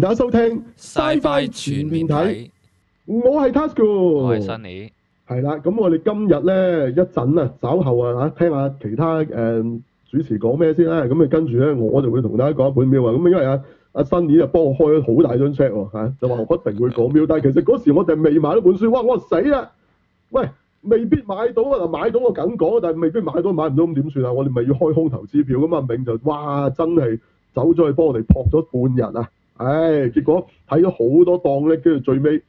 大家收聽 Sci-Fi 全面睇，面我係 TASUKU，我係辛尼係啦。咁我哋今日咧一陣啊，稍後啊吓，聽下其他誒、嗯、主持講咩先啦。咁啊，跟住咧我就會同大家講一本 MiLK 啊。咁因為阿阿辛尼啊，幫我開咗好大張 check 吓，就話我一定會講 MiLK。但係其實嗰時我哋未買呢本書，哇！我死啦，喂，未必買到啊。買到我梗講，但係未必買到，買唔到咁點算啊？我哋咪要開空頭支票咁啊？明就哇，真係走咗去幫我哋撲咗半日啊！唉、哎，結果睇咗好多檔咧，跟住最尾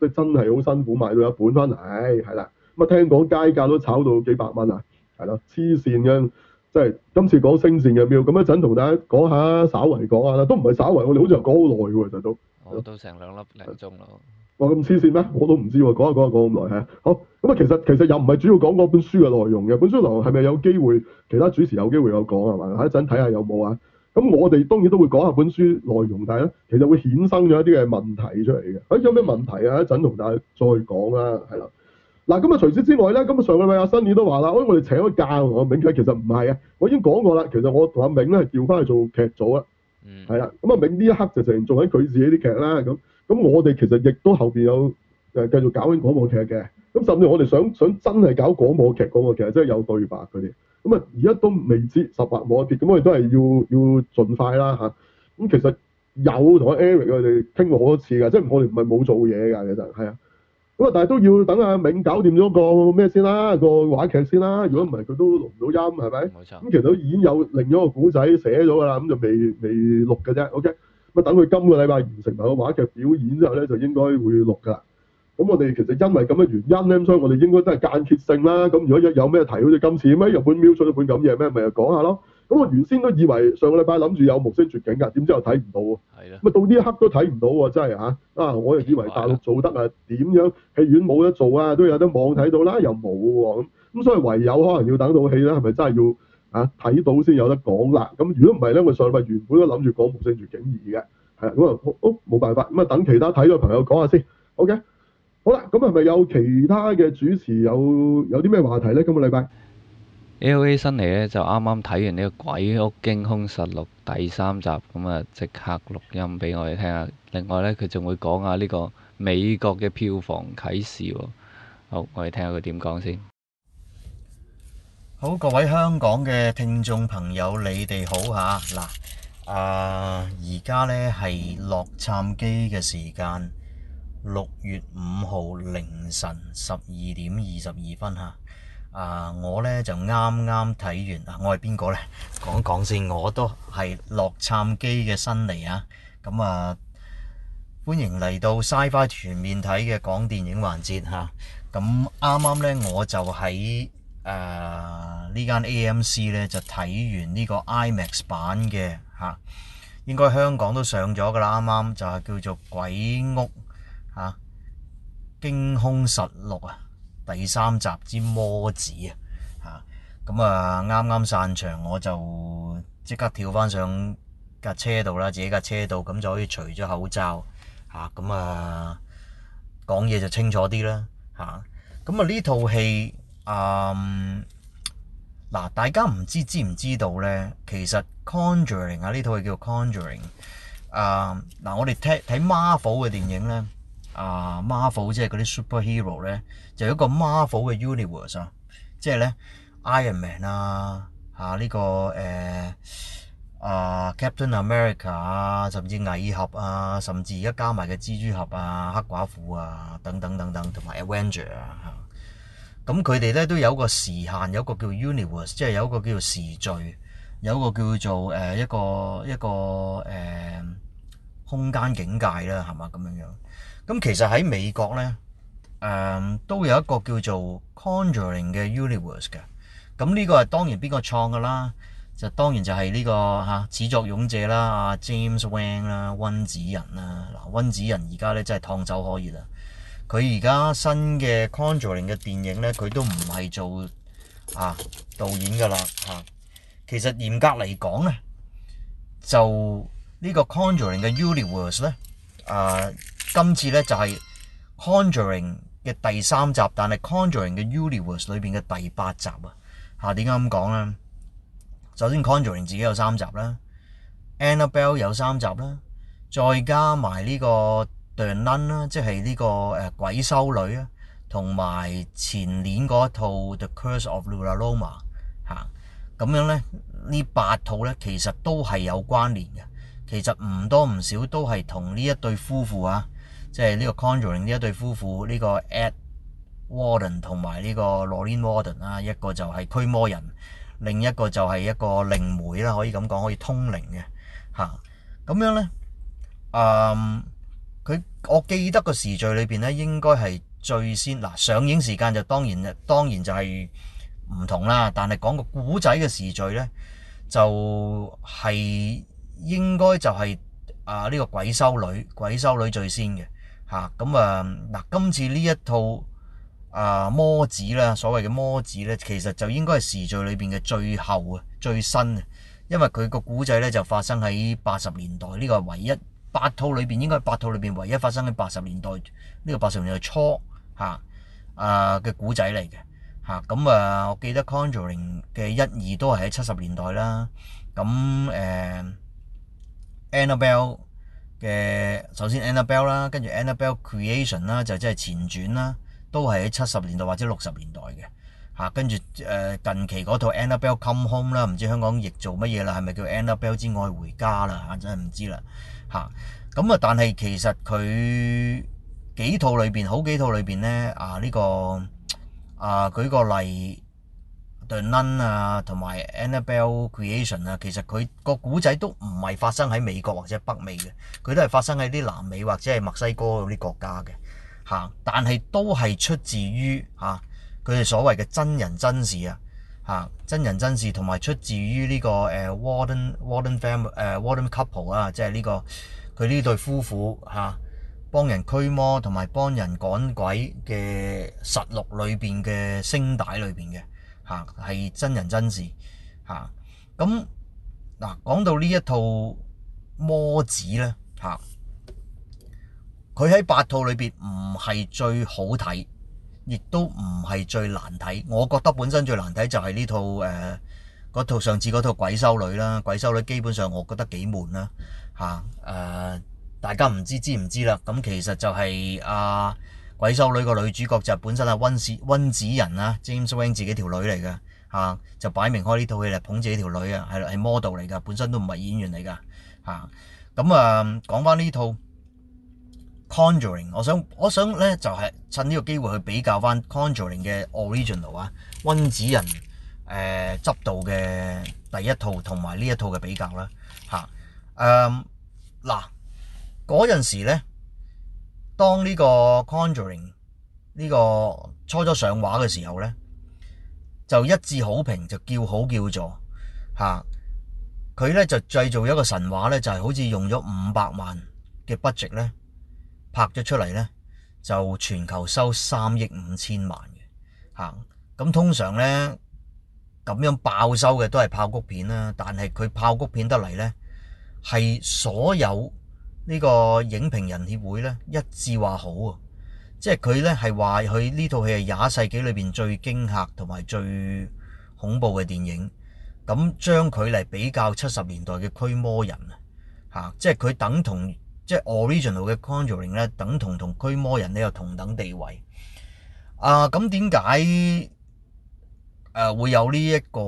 都真係好辛苦買到一本翻嚟，係、哎、啦。咁啊聽講街價都炒到幾百蚊啊，係咯，黐線嘅，即係今次講星戰嘅 MiLK。咁一陣同大家講下，稍微講下啦，都唔係稍微，我哋好似又講好耐喎，就都講到成兩粒零鐘咯。我咁黐線咩？我都唔知喎，講下講下講咁耐係。好，咁啊其實其實又唔係主要講嗰本書嘅內容嘅，本書內容係咪有機會其他主持有機會有講係嘛？一陣睇下有冇啊。咁我哋當然都會講下本書內容，但係咧，其實會衍生咗一啲嘅問題出嚟嘅。誒，有咩問題啊？一陣同大家再講啦，係啦。嗱，咁啊，除此之外咧，咁上個禮拜阿辛尼都話啦，誒、哎，我哋請咗假我，阿永，其實唔係啊。我已經講過啦，其實我同阿永咧調翻去做劇組啦，係啦。咁阿永呢一刻就成日做緊佢自己啲劇啦。咁咁，我哋其實亦都後邊有誒、呃、繼續搞緊廣播劇嘅。咁甚至我哋想想真係搞廣播劇嗰個劇，真係有對白佢哋。咁啊，而家都未知，十八冇一跌，咁我哋都係要要盡快啦嚇。咁、啊、其實有同 Eric 我哋傾過好多次㗎，即係我哋唔係冇做嘢㗎，其實係啊。咁啊，但係都要等阿銘搞掂咗個咩先啦，個話劇先啦。如果唔係，佢都錄唔到音係咪？冇錯。咁其實都已經有另咗個古仔寫咗㗎啦，咁就未未錄㗎啫。OK。咁啊，等佢今個禮拜完成埋個話劇表演之後咧，就應該會錄㗎啦。咁我哋其實因為咁嘅原因咧，所以我哋應該都係間歇性啦。咁如果有咩提好似今次咩日本瞄出咗本咁嘢咩，咪講下咯。咁我原先都以為上個禮拜諗住有無聲絕境㗎，點知又睇唔到喎。係咁啊到呢一刻都睇唔到喎，真係嚇啊！我又以為大陸做得啊點樣戲院冇得做啊，都有得網睇到啦，又冇喎咁咁，所以唯有可能要等到戲啦。係咪真係要啊睇到先有得講啦？咁如果唔係咧，我上個月原本都諗住講無聲絕境二嘅，係咁啊，冇冇、哦哦、辦法咁啊？等其他睇到嘅朋友講下先。OK。好啦，咁係咪有其他嘅主持有有啲咩話題呢？今個禮拜，L A 新嚟呢就啱啱睇完呢、呢個《詭屋驚凶實錄》第三集，咁啊即刻錄音俾我哋聽下。另外呢，佢仲會講下呢個美國嘅票房啟示。好，我哋聽下佢點講先。好，各位香港嘅聽眾朋友，你哋好吓嗱，啊而家、啊、呢係洛杉磯嘅時間。六月五號凌晨十二點二十二分嚇，啊！我呢就啱啱睇完，我係邊個呢？講講先，我都係洛杉磯嘅辛尼啊！咁啊，歡迎嚟到《Sci-Fi 全面睇》嘅講電影環節嚇。咁啱啱呢，我就喺誒呢間 A M C 呢就睇完呢個 IMAX 版嘅嚇、啊，應該香港都上咗㗎啦。啱啱就係叫做《詭屋》。啊，《驚凶實錄》啊，第三集之魔旨啊，嚇咁啊，啱啱散場我就即刻跳翻上架車度啦，自己架車度咁就可以除咗口罩嚇，咁啊講嘢就清楚啲啦嚇。咁啊呢套戲啊嗱，大家唔知知唔知道咧？其實《Conjuring》啊，呢套戲叫做《Conjuring》啊，嗱我哋睇睇 Marvel 嘅電影咧。啊，Marvel 即係嗰啲 superhero 咧，就有一個 Marvel 嘅 universe 啊，即係咧 Iron Man 啊，嚇、這、呢個誒啊 Captain America 啊，甚至蟻俠啊，甚至而家加埋嘅蜘蛛俠啊、黑寡婦啊等等等等，同埋 Avenger 啊，咁佢哋咧都有個時限，有個叫 universe，即係有一個叫時序，有一個叫做誒一個一個誒、欸、空間境界啦，係嘛咁樣樣。咁其實喺美國咧，誒、嗯、都有一個叫做 Conjuring 嘅 Universe 嘅。咁呢個係當然邊個創㗎啦？就當然就係呢、這個嚇、啊、始作俑者啦，阿、啊、James Wang 啦、啊，温子仁啦。嗱、啊，温子仁而家咧真係燙酒可以啦。佢而家新嘅 Conjuring 嘅電影咧，佢都唔係做啊導演㗎啦。嚇、啊，其實嚴格嚟講咧，就呢個 Conjuring 嘅 Universe 咧，誒、啊。今次咧就係、是《Conjuring》嘅第三集，但係《Conjuring》嘅《Universe》裏邊嘅第八集啊！嚇，點解咁講咧？首先，《Conjuring》自己有三集啦，《Annabelle》有三集啦，再加埋呢、這個《The Nun》啦，即係呢個誒鬼修女啊，同埋前年嗰一套《The Curse of La Llorona》嚇，咁樣咧，呢八套咧，其實都係有關聯嘅，其實唔多唔少都係同呢一對夫婦啊。即係呢個 Conjuring 呢一對夫婦，呢、這個 Ed Warren 同埋呢個 Lorraine Warren 啦，一個就係驅魔人，另一個就係一個靈媒啦，可以咁講，可以通靈嘅嚇。咁、啊、樣呢，誒、嗯，佢我記得個時序裏邊呢應該係最先嗱上映時間就當然啦，當然就係唔同啦。但係講個古仔嘅時序呢，就係、是、應該就係、是、啊呢、這個鬼修女，鬼修女最先嘅。嚇咁啊！嗱，今次呢一套啊魔旨啦，所謂嘅魔旨咧，其實就應該係時序裏邊嘅最後啊、最新啊，因為佢個古仔咧就發生喺八十年代，呢個唯一八套裏邊應該係八套裏邊唯一發生喺八十年代，呢個八十年代初嚇啊嘅古仔嚟嘅嚇，咁啊！我記得 Conjuring 嘅一二都係喺七十年代啦，咁誒 Annabelle。啊 Ann 嘅首先 Annabelle 啦，跟住 Annabelle Creation 啦，就即係前傳啦，都係喺七十年代或者六十年代嘅嚇。跟住誒近期嗰套 Annabelle Come Home 啦，唔知香港亦做乜嘢啦，係咪叫 Annabelle 之外回家啦？嚇，真係唔知啦嚇。咁啊，但係其實佢幾套裏邊，好幾套裏邊咧啊呢、這個啊舉個例。對《The Nun》啊，同埋《Annabelle Creation》啊，其實佢個故仔都唔係發生喺美國或者北美嘅，佢都係發生喺啲南美或者係墨西哥嗰啲國家嘅嚇。但係都係出自於嚇佢哋所謂嘅真人真事啊嚇，真人真事同埋出自於呢個誒 w a r d e n Warden Family 誒 Warden Couple 啊、這個，即係呢個佢呢對夫婦嚇幫人驅魔同埋幫人趕鬼嘅實錄裏邊嘅聲帶裏邊嘅。嚇，係真人真事嚇。咁、啊、嗱，講到呢一套魔旨咧嚇，佢、啊、喺八套裏邊唔係最好睇，亦都唔係最難睇。我覺得本身最難睇就係呢套誒、啊、套上次嗰套鬼修女啦。鬼修女基本上我覺得幾悶啦嚇。誒、啊啊，大家唔知知唔知啦？咁、啊、其實就係、是、啊。鬼修女個女主角就本身係温子温子仁啊，James Wan 自己條女嚟嘅。嚇，就擺明開呢套戲嚟捧自己條女啊，係係 model 嚟㗎，本身都唔係演員嚟㗎。嚇，咁啊講翻呢套 Conjuring，我想我想咧就係、是、趁呢個機會去比較翻 Conjuring 嘅 original 啊，温子仁誒、呃、執導嘅第一套同埋呢一套嘅比較啦，嚇誒嗱嗰陣時咧。當呢個 conjuring 呢、這個初初上畫嘅時候呢，就一致好評，就叫好叫座。嚇、啊。佢呢就製造一個神話呢就係、是、好似用咗五百萬嘅 budget 呢，拍咗出嚟呢，就全球收三億五千萬嘅嚇。咁、啊、通常呢，咁樣爆收嘅都係爆谷片啦，但係佢爆谷片得嚟呢，係所有。呢個影評人協會咧一致話好啊，即係佢咧係話佢呢套戲係廿世紀裏邊最驚嚇同埋最恐怖嘅電影。咁將佢嚟比較七十年代嘅驅魔人啊，嚇，即係佢等同即係 original 嘅 Conjuring 咧，等同同驅魔人呢有同等地位。啊，咁點解誒會有這這呢一個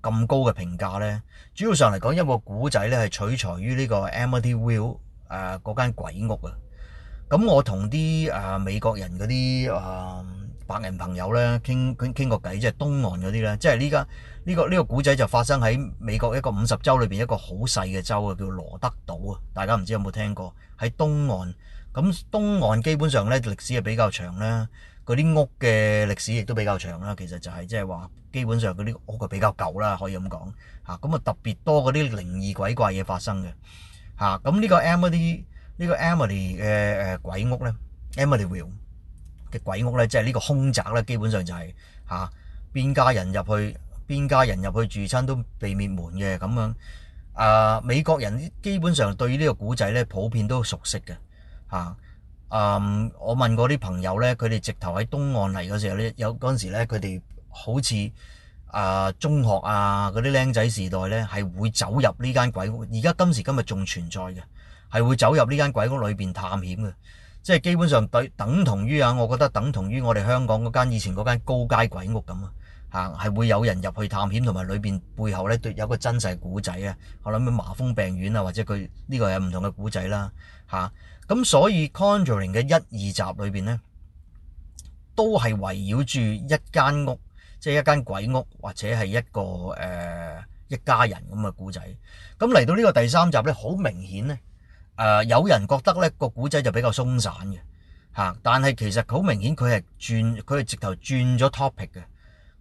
咁高嘅評價咧？主要上嚟講，一個古仔咧係取材於呢個 Amityville。誒嗰間鬼屋啊！咁我同啲誒美國人嗰啲誒白人朋友咧傾傾傾個偈，即係東岸嗰啲咧，即係依家呢個呢個古仔就發生喺美國一個五十州裏邊一個好細嘅州啊，叫羅德島啊，大家唔知有冇聽過喺東岸。咁東岸基本上咧歷史係比較長啦，嗰啲屋嘅歷史亦都比較長啦。其實就係即係話基本上嗰啲屋係比較舊啦，可以咁講嚇。咁啊特別多嗰啲靈異鬼怪嘢發生嘅。嚇！咁呢個 Emily 呢個 Emily 嘅誒鬼屋咧，Amityville 嘅鬼屋咧，即係呢個凶宅咧，基本上就係嚇邊家人入去，邊家人入去住親都被滅門嘅咁樣。啊、呃！美國人基本上對於呢個古仔咧，普遍都熟悉嘅。嚇！嗯，我問過啲朋友咧，佢哋直頭喺東岸嚟嘅時候咧，有嗰陣時咧，佢哋好似。啊、呃，中學啊，嗰啲僆仔時代呢，係會走入呢間鬼屋。而家今時今日仲存在嘅，係會走入呢間鬼屋裏邊探險嘅。即係基本上對等同於啊，我覺得等同於我哋香港嗰間以前嗰間高街鬼屋咁啊。嚇，係會有人入去探險，同埋裏邊背後呢，都有個真實古仔啊。我諗麻風病院啊，或者佢呢個係唔同嘅古仔啦。嚇、啊，咁所以《Conjuring》嘅一二集裏邊呢，都係圍繞住一間屋。即係一間鬼屋，或者係一個誒、呃、一家人咁嘅古仔。咁嚟到呢個第三集咧，好明顯咧，誒、呃、有人覺得咧個古仔就比較鬆散嘅嚇。但係其實好明顯佢係轉，佢係直頭轉咗 topic 嘅。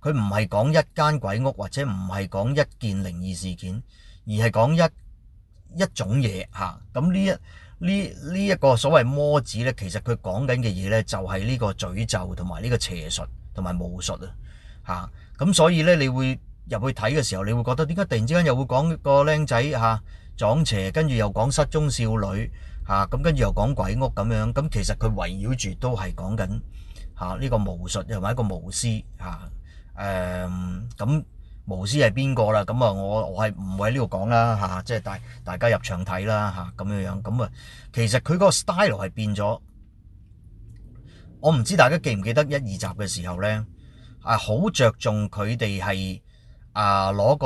佢唔係講一間鬼屋，或者唔係講一件靈異事件，而係講一一種嘢嚇。咁呢一呢呢一個所謂魔旨咧，其實佢講緊嘅嘢咧就係、是、呢個詛咒同埋呢個邪術同埋巫術啊。吓，咁所以咧，你會入去睇嘅時候，你會覺得點解突然之間又會講個僆仔吓撞邪，跟住又講失蹤少女吓，咁跟住又講鬼屋咁樣，咁其實佢圍繞住都係講緊吓呢個巫術，又或者一個巫師吓，誒，咁巫師係邊個啦？咁啊，我我係唔會喺呢度講啦，吓，即係大大家入場睇啦，吓咁樣樣，咁啊，其實佢個 style 係變咗，我唔知大家記唔記得一二集嘅時候咧？啊，好著重佢哋係啊，攞個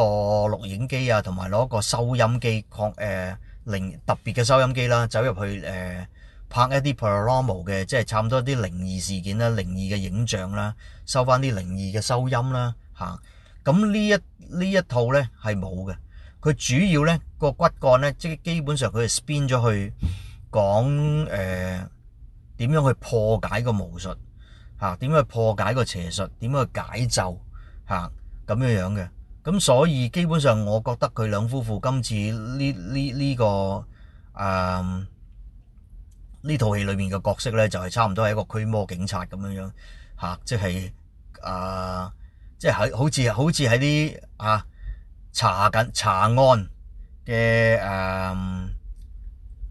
錄影機啊，同埋攞個收音機，講誒靈特別嘅收音機啦，走入去誒拍一啲 paranormal 嘅，即係差唔多啲靈異事件啦、靈異嘅影像啦，收翻啲靈異嘅收音啦，行。咁呢一呢一套咧係冇嘅，佢主要咧個骨幹咧，即係基本上佢係 spin 咗去講誒點樣去破解個巫術。嚇點樣去破解個邪術？點樣去解咒？嚇咁樣樣嘅咁，所以基本上我覺得佢兩夫婦今次呢呢呢個誒呢套戲裏面嘅角色咧，就係、是、差唔多係一個驅魔警察咁樣樣嚇、啊，即係誒、啊、即係喺好似好似喺啲嚇查緊查案嘅誒。啊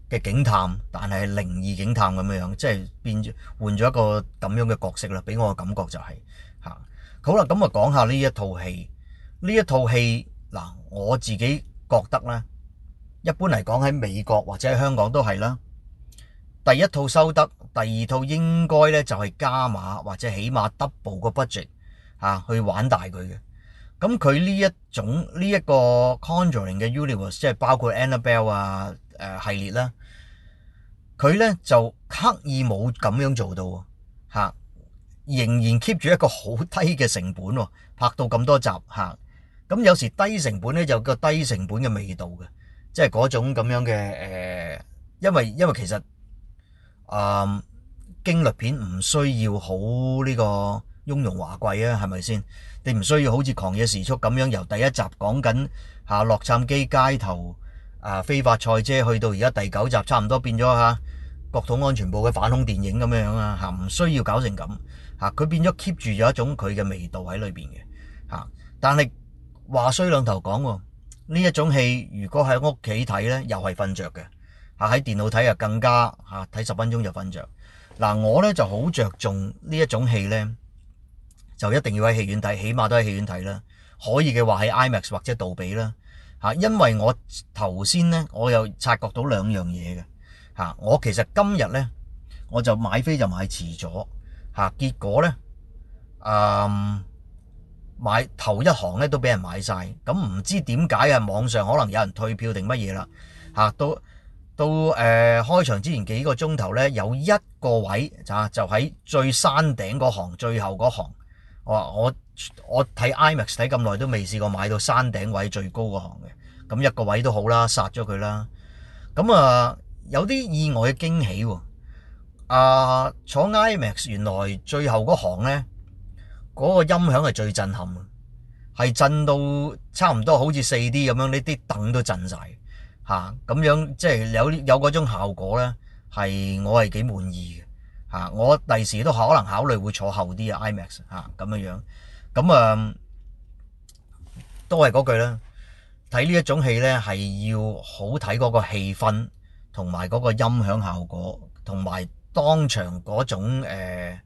嘅警探，但係靈異警探咁樣樣，即係變換咗一個咁樣嘅角色啦，俾我嘅感覺就係嚇。好啦，咁啊講下呢一套戲，呢一套戲嗱，我自己覺得咧，一般嚟講喺美國或者喺香港都係啦。第一套收得，第二套應該咧就係加碼或者起碼 double 個 budget 啊去玩大佢嘅。咁佢呢一種呢一個 Conjuring 嘅 universe，即係包括 Annabelle 啊誒系列啦。佢咧就刻意冇咁樣做到，吓、啊、仍然 keep 住一個好低嘅成本，啊、拍到咁多集，吓、啊、咁、啊、有時低成本咧就有個低成本嘅味道嘅，即係嗰種咁樣嘅，誒、呃，因為因為其實啊，驚栗片唔需要、這個、需要好呢個雍容華貴啊，係咪先？你唔需要好似狂野時速咁樣由第一集講緊吓洛杉磯街頭。啊！非法賽車去到而家第九集，差唔多變咗嚇國土安全部嘅反恐電影咁樣啊。嚇，唔需要搞成咁嚇，佢變咗 keep 住咗一種佢嘅味道喺裏邊嘅嚇。但係話衰兩頭講喎，呢一種戲如果喺屋企睇咧，又係瞓着嘅嚇；喺電腦睇又更加嚇，睇十分鐘就瞓着。嗱，我咧就好着重呢一種戲咧，就一定要喺戲院睇，起碼都喺戲院睇啦。可以嘅話喺 IMAX 或者杜比啦。嚇，因為我頭先咧，我又察覺到兩樣嘢嘅嚇，我其實今日咧，我就買飛就買遲咗嚇，結果咧，嗯，買頭一行咧都俾人買晒。咁唔知點解啊？網上可能有人退票定乜嘢啦嚇，到到誒開場之前幾個鐘頭咧，有一個位咋，就喺最山頂嗰行最後嗰行，我話我。我睇 imax 睇咁耐都未試過買到山頂位最高嗰行嘅，咁一個位都好啦，殺咗佢啦。咁啊，有啲意外嘅驚喜喎。啊，坐 imax 原來最後嗰行咧，嗰個音響係最震撼嘅，係震到差唔多好似四 D 咁樣，啲凳都震晒吓咁樣，即係有有嗰種效果咧，係我係幾滿意嘅吓。我第時都可能考慮會坐後啲啊 imax 吓咁樣樣。咁啊、嗯，都係嗰句啦。睇呢一種戲呢，係要好睇嗰個氣氛，同埋嗰個音響效果，同埋當場嗰種誒、呃、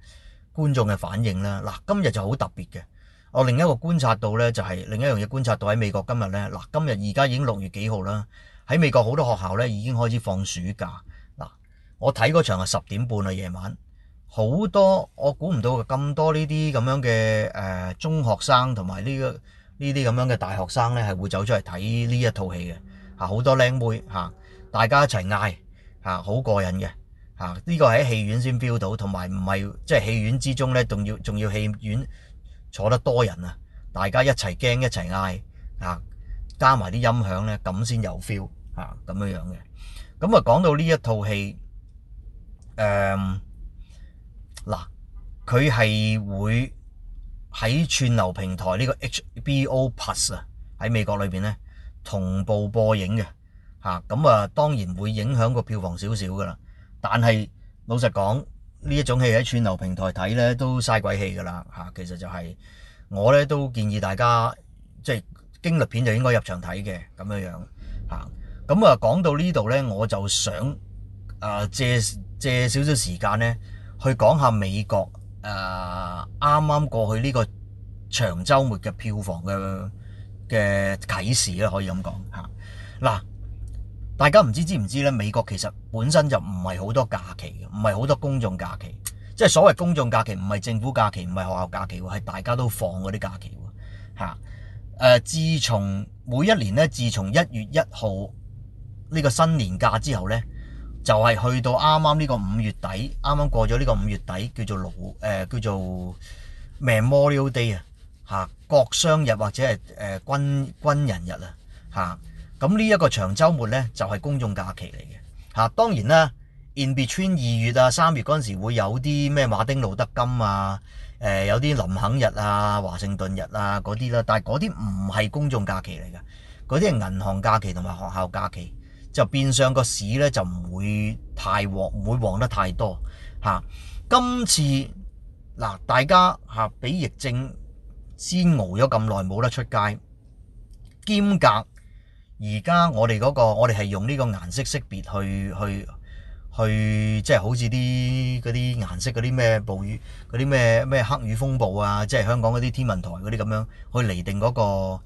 觀眾嘅反應啦。嗱，今日就好特別嘅。我另一個觀察到呢、就是，就係另一樣嘢觀察到喺美國今日呢。嗱，今日而家已經六月幾號啦。喺美國好多學校呢已經開始放暑假。嗱，我睇嗰場係十點半喇，夜晚。好多，我估唔到咁多呢啲咁樣嘅誒中學生同埋呢個呢啲咁樣嘅大學生咧，係會走出嚟睇呢一套戲嘅、啊啊。啊，好多靚妹嚇，大家一齊嗌嚇，好過癮嘅嚇。呢個喺戲院先 feel 到，同埋唔係即係戲院之中咧，仲要仲要戲院坐得多人啊，大家一齊驚一齊嗌啊，加埋啲音響咧，咁先有 feel 嚇咁樣樣嘅。咁啊，講到呢一套戲誒。啊。嗱，佢係會喺串流平台呢，這個 HBO Plus 啊，喺美國裏邊咧同步播映嘅，吓咁啊，當然會影響個票房少少噶啦。但係老實講，呢一種戲喺串流平台睇咧都嘥鬼氣噶啦，吓其實就係、是、我咧都建議大家即係驚栗片就應該入場睇嘅咁樣樣吓。咁啊講到呢度咧，我就想啊、呃、借借少少時間咧。去講下美國誒啱啱過去呢個長週末嘅票房嘅嘅啟示咧，可以咁講嚇嗱。大家唔知知唔知咧？美國其實本身就唔係好多假期嘅，唔係好多公眾假期。即係所謂公眾假期，唔係政府假期，唔係學校假期喎，係大家都放嗰啲假期喎嚇、誒。自從每一年咧，自從一月一號呢個新年假之後咧。就係去到啱啱呢個五月底，啱啱過咗呢個五月底，叫做老，誒叫做 Memorial Day 啊，嚇國商日或者係誒軍軍人日啦，嚇咁呢一個長週末咧就係公眾假期嚟嘅，嚇當然啦 In Between 二月啊三月嗰陣時會有啲咩馬丁路德金啊，誒有啲林肯日啊、華盛頓日啊嗰啲啦，但係嗰啲唔係公眾假期嚟嘅，嗰啲係銀行假期同埋學校假期。就變相個市咧，就唔會太旺，唔會旺得太多吓、啊。今次嗱，大家吓俾、啊、疫症煎熬咗咁耐，冇得出街，兼夾而家我哋嗰、嗰個，我哋係用呢個顏色識別去去去，即係好似啲嗰啲顏色嗰啲咩暴雨，嗰啲咩咩黑雨風暴啊，即係香港嗰啲天文台嗰啲咁樣，去嚟定嗰、嗰個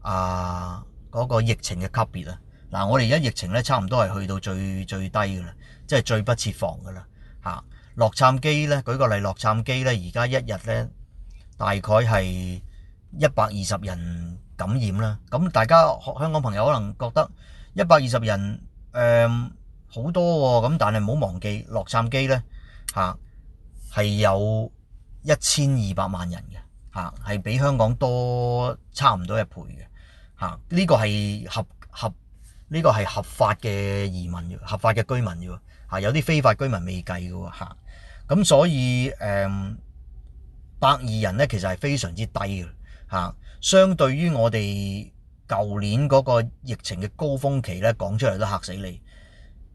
啊、嗰個疫情嘅級別啊。嗱，我哋而家疫情咧，差唔多係去到最最低噶啦，即係最不設防噶啦吓，洛杉磯咧，舉個例，洛杉磯咧而家一日咧大概係一百二十人感染啦。咁大家香港朋友可能覺得一百二十人，誒好，嗯，多喎，啊，咁但係唔好忘記洛杉機咧吓，係有一千二百萬人嘅吓，係比香港多差唔多一倍嘅吓，呢個係合合。合呢個係合法嘅移民，合法嘅居民喎，嚇有啲非法居民未計㗎喎，咁所以誒百二人呢，其實係非常之低嘅嚇。相對於我哋舊年嗰個疫情嘅高峰期呢，講出嚟都嚇死你。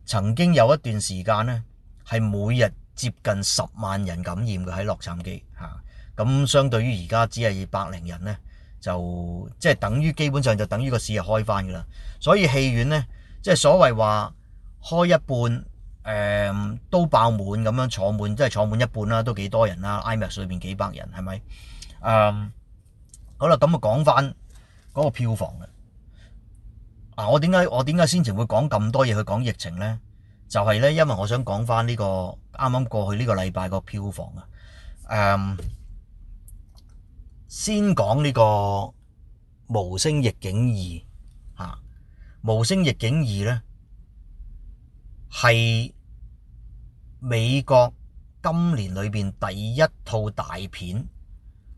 曾經有一段時間呢，係每日接近十萬人感染嘅喺洛杉磯，嚇咁相對於而家只係百零人呢。就即係等於基本上就等於個市係開翻噶啦，所以戲院呢，即係所謂話開一半，誒、嗯、都爆滿咁樣坐滿，即係坐滿一半啦，都幾多人啦、啊、，IMAX 裏面幾百人係咪？誒、嗯，好啦，咁啊講翻嗰個票房啦、啊。我點解我點解先前會講咁多嘢，去講疫情呢？就係、是、呢，因為我想講翻呢個啱啱過去呢個禮拜個票房啊。誒、嗯。先講呢個《無聲逆境二》嚇，《無聲逆境二》咧係美國今年裏邊第一套大片，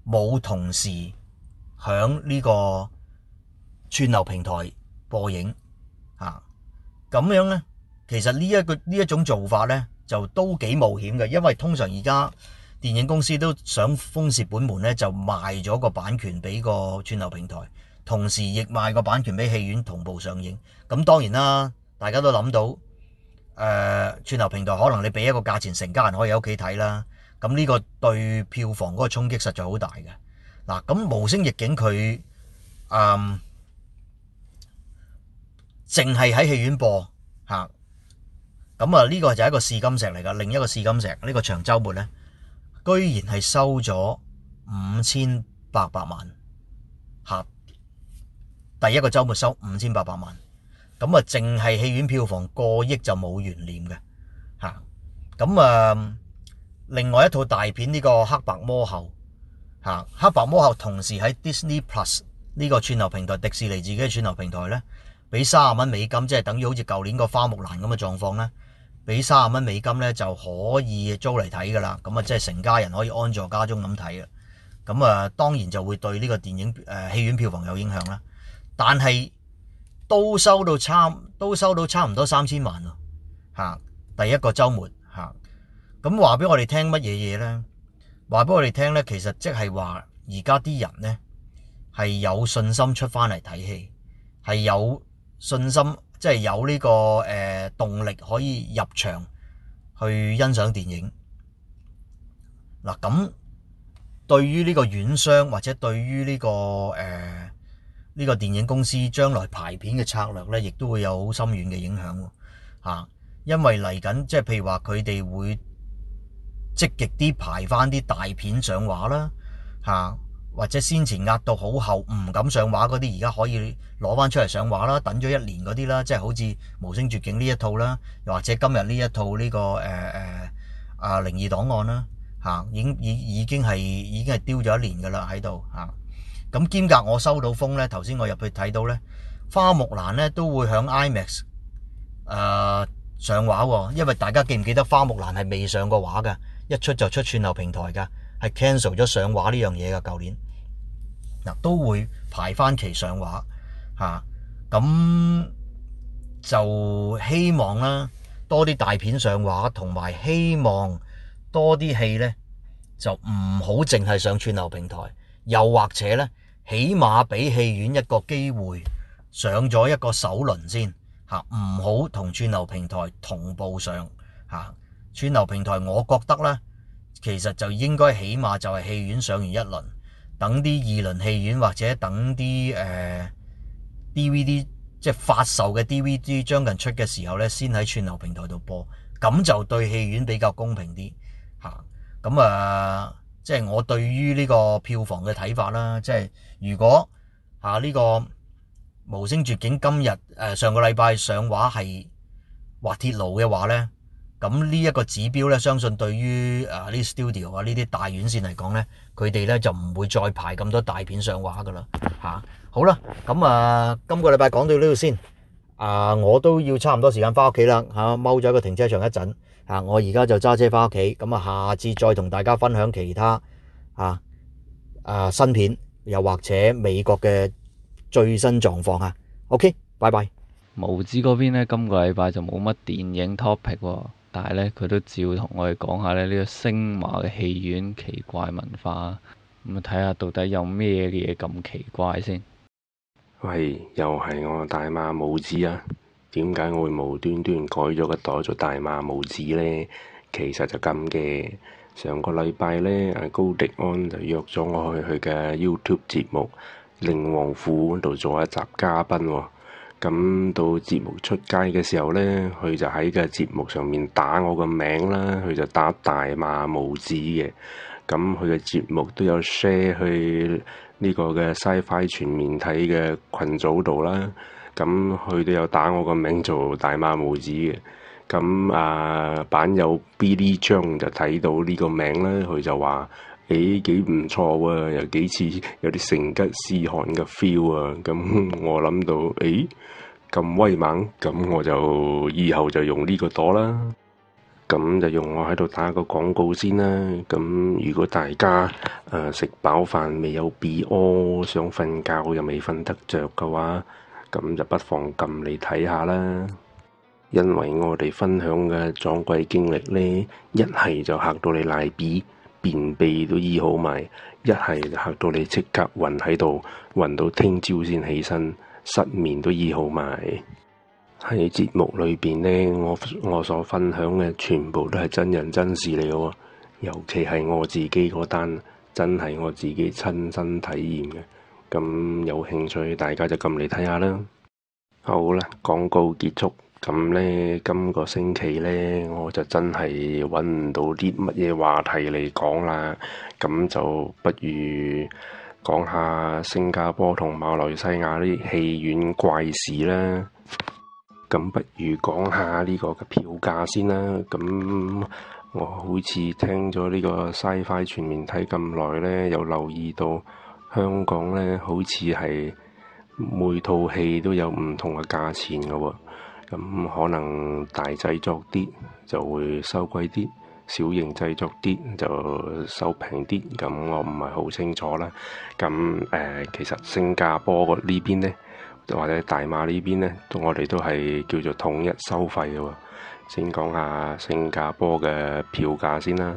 冇同時響呢個串流平台播映。嚇。咁樣咧，其實呢一個呢一種做法咧就都幾冒險㗎，因為通常而家。電影公司都想封蝕本門咧，就賣咗個版權俾個串流平台，同時亦賣個版權俾戲院同步上映。咁當然啦，大家都諗到，誒、呃、串流平台可能你俾一個價錢，成家人可以喺屋企睇啦。咁呢個對票房嗰個衝擊實在好大嘅。嗱，咁《無聲逆境》佢誒淨係喺戲院播嚇，咁啊呢個就係一個試金石嚟㗎，另一個試金石呢、呢個長週末咧。居然係收咗五千八百萬，吓第一個周末收五千八百萬，咁啊淨係戲院票房過億就冇懸念嘅，吓咁啊另外一套大片呢、呢個黑白魔後，吓、啊、黑白魔後同時喺 Disney Plus 呢個串流平台，迪士尼自己嘅串流平台咧，俾卅蚊美金，即係等於好似舊年個花木蘭咁嘅狀況咧。俾三十蚊美金咧就可以租嚟睇噶啦，咁啊即係成家人可以安坐家中咁睇啊，咁啊當然就會對呢個電影誒戲院票房有影響啦。但係都收到差都收到差唔多三千萬咯，嚇！第一個週末嚇，咁話俾我哋聽乜嘢嘢咧？話俾我哋聽咧，其實即係話而家啲人咧係有信心出翻嚟睇戲，係有信心。即係有呢個誒動力可以入場去欣賞電影。嗱咁，對於呢個院商或者對於呢個誒呢個電影公司將來排片嘅策略咧，亦都會有好深遠嘅影響喎。因為嚟緊即係譬如話佢哋會積極啲排翻啲大片上畫啦。嚇、嗯！或者先前壓到好厚唔敢上畫嗰啲，而家可以攞翻出嚟上畫啦。等咗一年嗰啲啦，即係好似無聲絕境呢一套啦，又或者今日呢一套呢、呢個誒誒啊靈異檔案啦嚇，已經已已經係已經係丟咗一年㗎啦喺度嚇。咁、啊、兼夾我收到風咧，頭先我入去睇到咧，花木蘭咧都會響 IMAX 誒、呃、上畫喎，因為大家記唔記得花木蘭係未上過畫㗎，一出就出串流平台㗎，係 cancel 咗上畫呢樣嘢㗎，舊年。都會排翻期上畫嚇，咁、啊、就希望啦，多啲大片上畫，同埋希望多啲戲呢，就唔好淨係上串流平台，又或者呢，起碼俾戲院一個機會上咗一個首輪先嚇，唔好同串流平台同步上嚇、啊。串流平台我覺得呢，其實就應該起碼就係戲院上完一輪。等啲二輪戲院或者等啲誒、uh, DVD 即係發售嘅 DVD 將近出嘅時候咧，先喺串流平台度播，咁就對戲院比較公平啲嚇。咁啊，即係我對於呢個票房嘅睇法啦。即係如果啊呢、呢個無聲絕境今日誒、呃、上個禮拜上畫係滑鐵盧嘅話咧。咁呢一個指標咧，相信對於誒、啊、stud 呢 studio 啊，呢啲大院線嚟講咧，佢哋咧就唔會再排咁多大片上畫噶啦，吓、啊、好啦，咁啊今個禮拜講到呢度先，啊我都要差唔多時間翻屋企啦，吓踎咗喺個停車場一陣，吓、啊、我而家就揸車翻屋企，咁啊下次再同大家分享其他啊誒、啊、新片，又或者美國嘅最新狀況啊，OK，拜拜。毛子嗰邊咧，今個禮拜就冇乜電影 topic、哦。但係咧，佢都照同我哋講下咧呢個星馬嘅戲院奇怪文化，咁啊睇下到底有咩嘢咁奇怪先。喂，又係我大馬母子啊！點解我會無端端改咗個袋做大馬母子咧？其實就咁嘅。上個禮拜咧，阿高迪安就約咗我去佢嘅 YouTube 節目《靈王府》度做一集嘉賓喎。咁到節目出街嘅時候呢，佢就喺個節目上面打我個名啦，佢就打大馬毛子嘅。咁佢嘅節目都有 share 去呢個嘅 Sci-Fi 全面睇嘅群組度啦。咁佢都有打我個名做大馬毛子嘅。咁啊，版友 Billy 張就睇到呢個名咧，佢就話，哎、幾幾唔錯喎，又幾似有啲成吉思汗嘅 feel 啊！咁、嗯、我諗到，誒、哎，咁威猛，咁、嗯、我就以後就用呢個朵啦。咁就用我喺度打個廣告先啦。咁、嗯、如果大家誒食飽飯未有 B 屙，想瞓覺又未瞓得着嘅話，咁、嗯、就、嗯嗯、不妨撳嚟睇下啦。因為我哋分享嘅撞鬼經歷呢，一係就嚇到你賴 B。便秘都醫好埋，一係嚇到你即刻暈喺度，暈到聽朝先起身。失眠都醫好埋。喺節目裏邊呢，我我所分享嘅全部都係真人真事嚟嘅喎，尤其係我自己嗰單，真係我自己親身體驗嘅。咁有興趣，大家就撳嚟睇下啦。好啦，廣告結束。咁呢，今個星期呢，我就真係揾唔到啲乜嘢話題嚟講啦。咁就不如講下新加坡同馬來西亞啲戲院怪事啦。咁不如講下呢個嘅票價先啦。咁我好似聽咗呢個《Sci-Fi 全面睇》咁耐呢，有留意到香港呢，好似係每套戲都有唔同嘅價錢嘅喎、啊。咁可能大製作啲就會收貴啲，小型製作啲就收平啲。咁我唔係好清楚啦。咁誒，其實新加坡呢邊呢，或者大馬呢邊呢，我哋都係叫做統一收費嘅喎。先講下新加坡嘅票價先啦。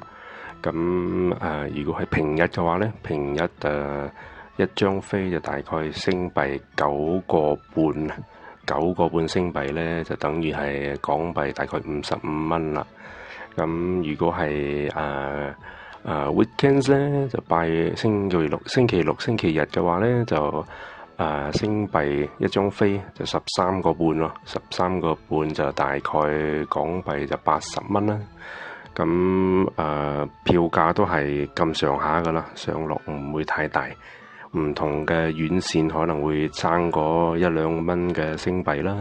咁誒，如果係平日嘅話呢，平日誒一張飛就大概星幣九個半。九個半星幣咧，就等於係港幣大概五十五蚊啦。咁、嗯、如果係誒誒、呃呃、Weekends 咧，就拜星期六、星期六、星期日嘅話咧，就誒、呃、星幣一張飛就十三個半咯，十三個半就大概港幣就八十蚊啦。咁、嗯、誒、呃、票價都係咁上下噶啦，上落唔會太大。唔同嘅院線可能會爭個一兩蚊嘅星幣啦。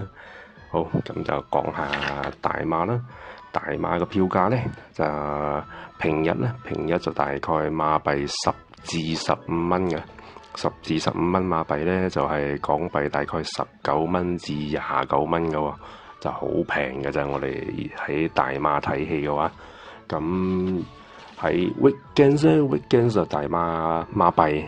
好，咁就講下大馬啦。大馬嘅票價咧就平日咧，平日就大概馬幣十至十五蚊嘅，十至十五蚊馬幣咧就係港幣大概十九蚊至廿九蚊嘅喎，就好平嘅咋。我哋喺大馬睇戲嘅話，咁喺 weekends 咧，weekends 就大馬馬、馬幣。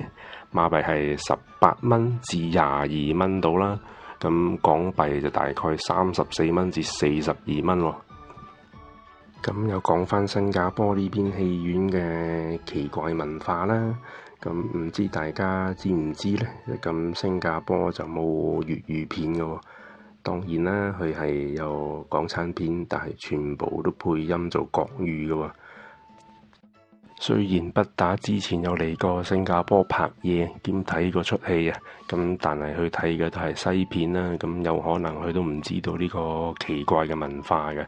馬幣係十八蚊至廿二蚊到啦，咁港幣就大概三十四蚊至四十二蚊喎。咁又講翻新加坡呢邊戲院嘅奇怪文化啦，咁唔知大家知唔知呢？咁新加坡就冇粵語片嘅喎，當然啦，佢係有港產片，但係全部都配音做國語嘅喎。雖然不打之前有嚟過新加坡拍嘢兼睇過出戲啊，咁但係佢睇嘅都係西片啦，咁有可能佢都唔知道呢個奇怪嘅文化嘅。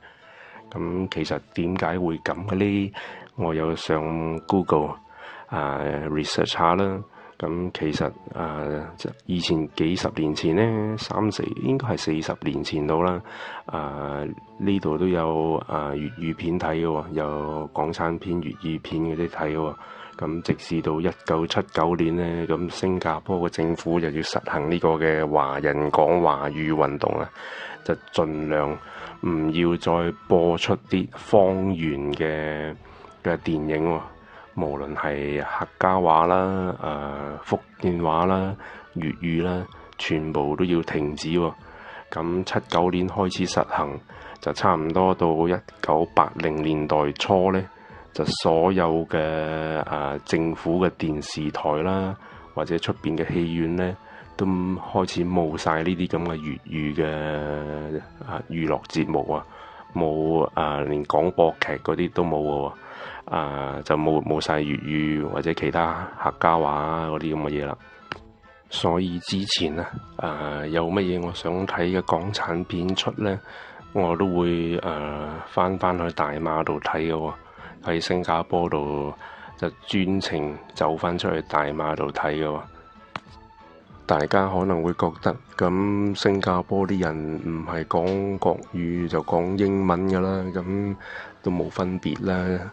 咁其實點解會咁嘅呢？我有上 Google 啊，research 下啦。咁、嗯、其實啊、呃，以前幾十年前呢，三四應該係四十年前到啦，啊呢度都有啊、呃、粵語片睇嘅喎，有港產片、粵語片嗰啲睇嘅喎。咁、嗯、直至到一九七九年呢，咁、嗯、新加坡嘅政府就要實行呢個嘅華人講華語運動啦，就盡量唔要再播出啲方言嘅嘅電影喎、哦。無論係客家話啦、誒、呃、福建話啦、粵語啦，全部都要停止喎、喔。咁七九年開始實行，就差唔多到一九八零年代初呢，就所有嘅誒、呃、政府嘅電視台啦，或者出邊嘅戲院呢，都開始冇晒呢啲咁嘅粵語嘅啊娛樂節目啊、喔，冇誒、呃、連廣播劇嗰啲都冇嘅喎。啊，就冇冇曬粵語或者其他客家話嗰啲咁嘅嘢啦。所以之前呢，啊有乜嘢我想睇嘅港產片出呢，我都會啊返返去大馬度睇㗎喎。喺新加坡度就專程走返出去大馬度睇㗎喎。大家可能會覺得咁新加坡啲人唔係講國語就講英文㗎啦，咁都冇分別啦。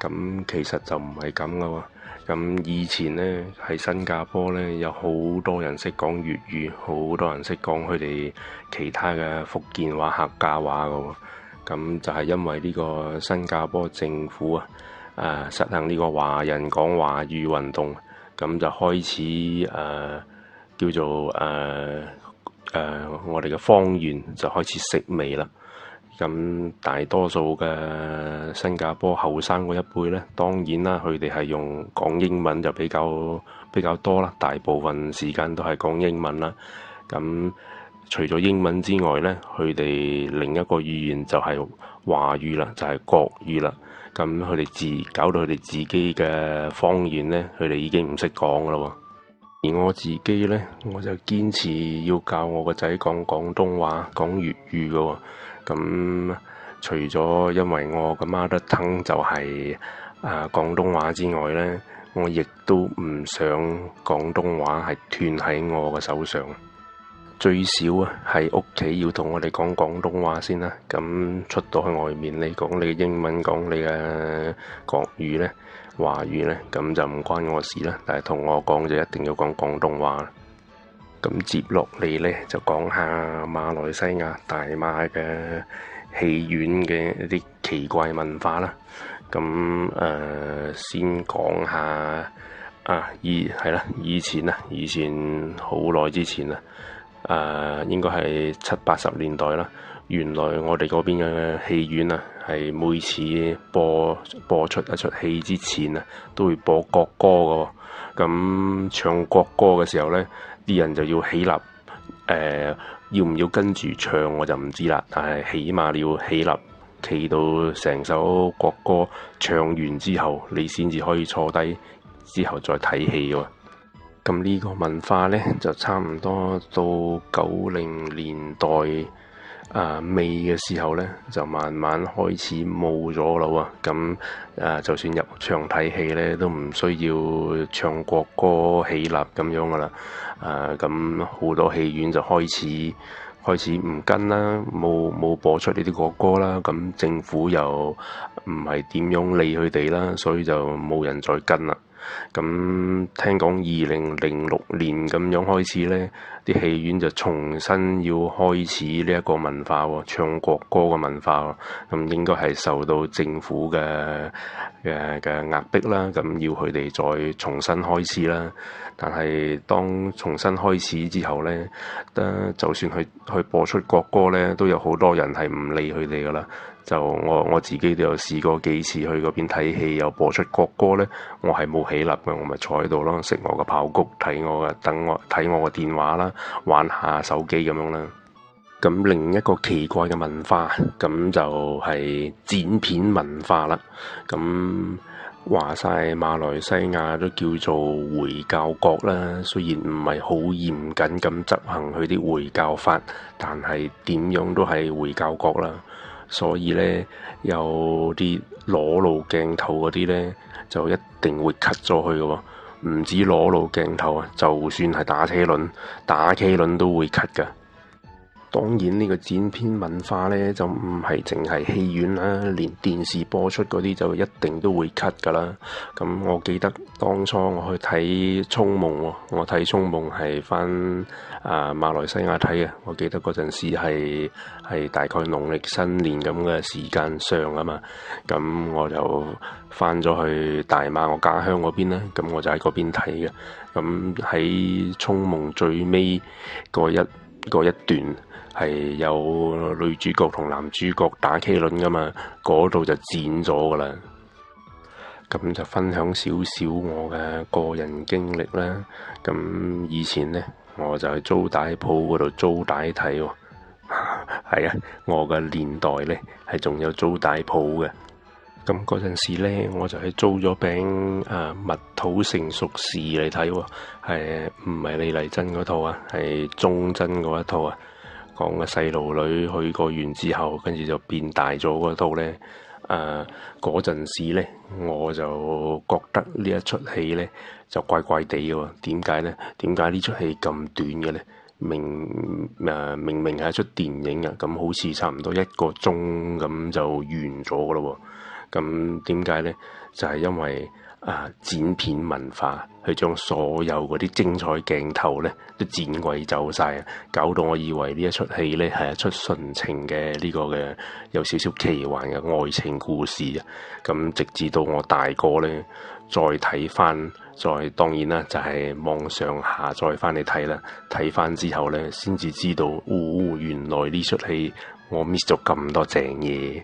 咁其實就唔係咁噶喎，咁以前呢，喺新加坡呢，有好多人識講粵語，好多人識講佢哋其他嘅福建話、客家話噶，咁就係因為呢個新加坡政府啊，誒實行呢個華人講華語運動，咁就開始誒、呃、叫做誒誒、呃呃、我哋嘅方言就開始式微啦。咁大多數嘅新加坡後生嗰一輩呢，當然啦，佢哋係用講英文就比較比較多啦。大部分時間都係講英文啦。咁除咗英文之外呢，佢哋另一個語言就係華語啦，就係國語啦。咁佢哋自搞到佢哋自己嘅方言呢，佢哋已經唔識講噶啦。而我自己呢，我就堅持要教我個仔講廣東話，講粵語噶。咁除咗因為我咁啱得聽就係啊廣東話之外呢，我亦都唔想廣東話係斷喺我嘅手上。最少啊，喺屋企要同我哋講廣東話先啦。咁出到去外面，你講你嘅英文，講你嘅國語呢、華語呢，咁就唔關我事啦。但係同我講就一定要講廣東話啦。咁接落嚟咧，就講下馬來西亞大馬嘅戲院嘅一啲奇怪文化啦。咁誒、呃，先講下啊，以係啦，以前啊，以前好耐之前啊，誒、呃，應該係七八十年代啦。原來我哋嗰邊嘅戲院啊，係每次播播出一出戲之前啊，都會播國歌㗎喎。咁唱國歌嘅時候咧，啲人就要起立，誒、呃，要唔要跟住唱我就唔知啦。但係起碼你要起立，企到成首國歌唱完之後，你先至可以坐低，之後再睇戲喎。咁、嗯、呢 個文化呢，就差唔多到九零年代。啊，未嘅時候咧，就慢慢開始冇咗啦喎。咁、嗯、啊，就算入場睇戲咧，都唔需要唱國歌起立咁樣噶、啊、啦。啊，咁、嗯、好多戲院就開始開始唔跟啦，冇冇播出呢啲國歌啦。咁、嗯、政府又唔係點樣理佢哋啦，所以就冇人再跟啦。咁聽講二零零六年咁樣開始呢啲戲院就重新要開始呢一個文化喎，唱國歌嘅文化，咁應該係受到政府嘅嘅嘅壓迫啦，咁、呃、要佢哋再重新開始啦。但係當重新開始之後呢，誒，就算去去播出國歌呢，都有好多人係唔理佢哋噶啦。就我我自己都有試過幾次去嗰邊睇戲，有播出國歌呢，我係冇起立嘅，我咪坐喺度咯，食我嘅爆谷，睇我嘅等我睇我嘅電話啦，玩下手機咁樣啦。咁另一個奇怪嘅文化，咁就係剪片文化啦。咁話晒馬來西亞都叫做回教國啦，雖然唔係好嚴謹咁執行佢啲回教法，但係點樣都係回教國啦。所以呢，有啲裸露鏡頭嗰啲呢，就一定會 cut 咗佢嘅喎。唔止裸露鏡頭啊，就算係打車輪、打 K 輪都會 cut 噶。當然呢個剪片文化呢，就唔係淨係戲院啦，連電視播出嗰啲就一定都會 cut 噶啦。咁我記得當初我去睇《充夢》，我睇《充夢》係返啊馬來西亞睇嘅。我記得嗰陣時係。係大概農曆新年咁嘅時間上啊嘛，咁我就翻咗去大馬我家鄉嗰邊啦。咁我就喺嗰邊睇嘅。咁喺《沖夢》最尾嗰一一段，係有女主角同男主角打茄輪噶嘛，嗰度就剪咗噶啦。咁就分享少少我嘅個人經歷啦。咁以前呢，我就係租帶鋪嗰度租帶睇。係啊，我嘅年代咧，係仲有租大鋪嘅。咁嗰陣時咧，我就去租咗餅誒，蜜、啊、桃成熟時嚟睇。係唔係李麗珍嗰套啊？係鍾珍嗰一套啊。講個細路女去過完之後，跟住就變大咗嗰套咧。誒、啊，嗰陣時咧，我就覺得一戲呢一出戲咧就怪怪地嘅、啊。點解咧？點解呢出戲咁短嘅咧？明誒、呃、明明係一出電影啊，咁好似差唔多一個鐘咁就完咗㗎咯喎！咁點解呢？就係、係、因為啊剪片文化，佢將所有嗰啲精彩鏡頭呢都剪鬼走晒，啊，搞到我以為呢一出戲呢係一出純情嘅呢個嘅有少少奇幻嘅愛情故事啊！咁直至到我大個呢，再睇翻。再當然啦，就係、是、網上下載翻嚟睇啦，睇翻之後呢，先至知道，哦，原來呢出戲我 miss 咗咁多正嘢。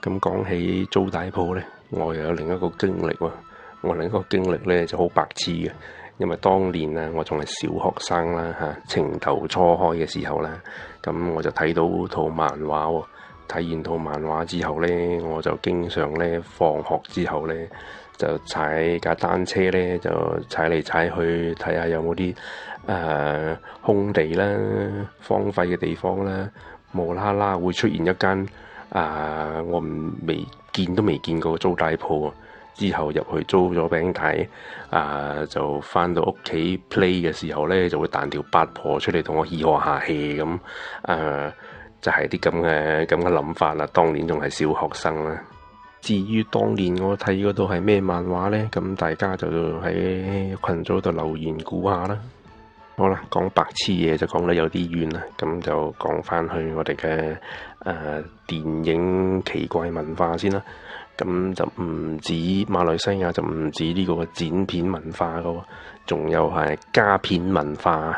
咁、嗯、講起租大鋪呢，我又有另一個經歷喎、啊。我另一個經歷呢就好白痴嘅，因為當年呢、啊，我仲係小學生啦、啊、嚇，情竇初開嘅時候呢、啊。咁、嗯、我就睇到套漫畫喎、啊，睇完套漫畫之後呢，我就經常呢，放學之後呢。就踩架單車咧，就踩嚟踩去睇下有冇啲誒空地啦、荒廢嘅地方啦，無啦啦會出現一間啊，我未見都未見過租大鋪，之後入去租咗餅帶，啊，就翻到屋企 play 嘅時候咧，就會彈條八婆出嚟同我議和下氣咁誒，就係啲咁嘅咁嘅諗法啦。當年仲係小學生啦。至於當年我睇嗰度係咩漫畫呢？咁大家就喺群組度留言估下啦。好啦，講白痴嘢就講得有啲遠啦，咁就講翻去我哋嘅誒電影奇怪文化先啦。咁就唔止馬來西亞，就唔止呢個剪片文化㗎喎，仲有係加片文化。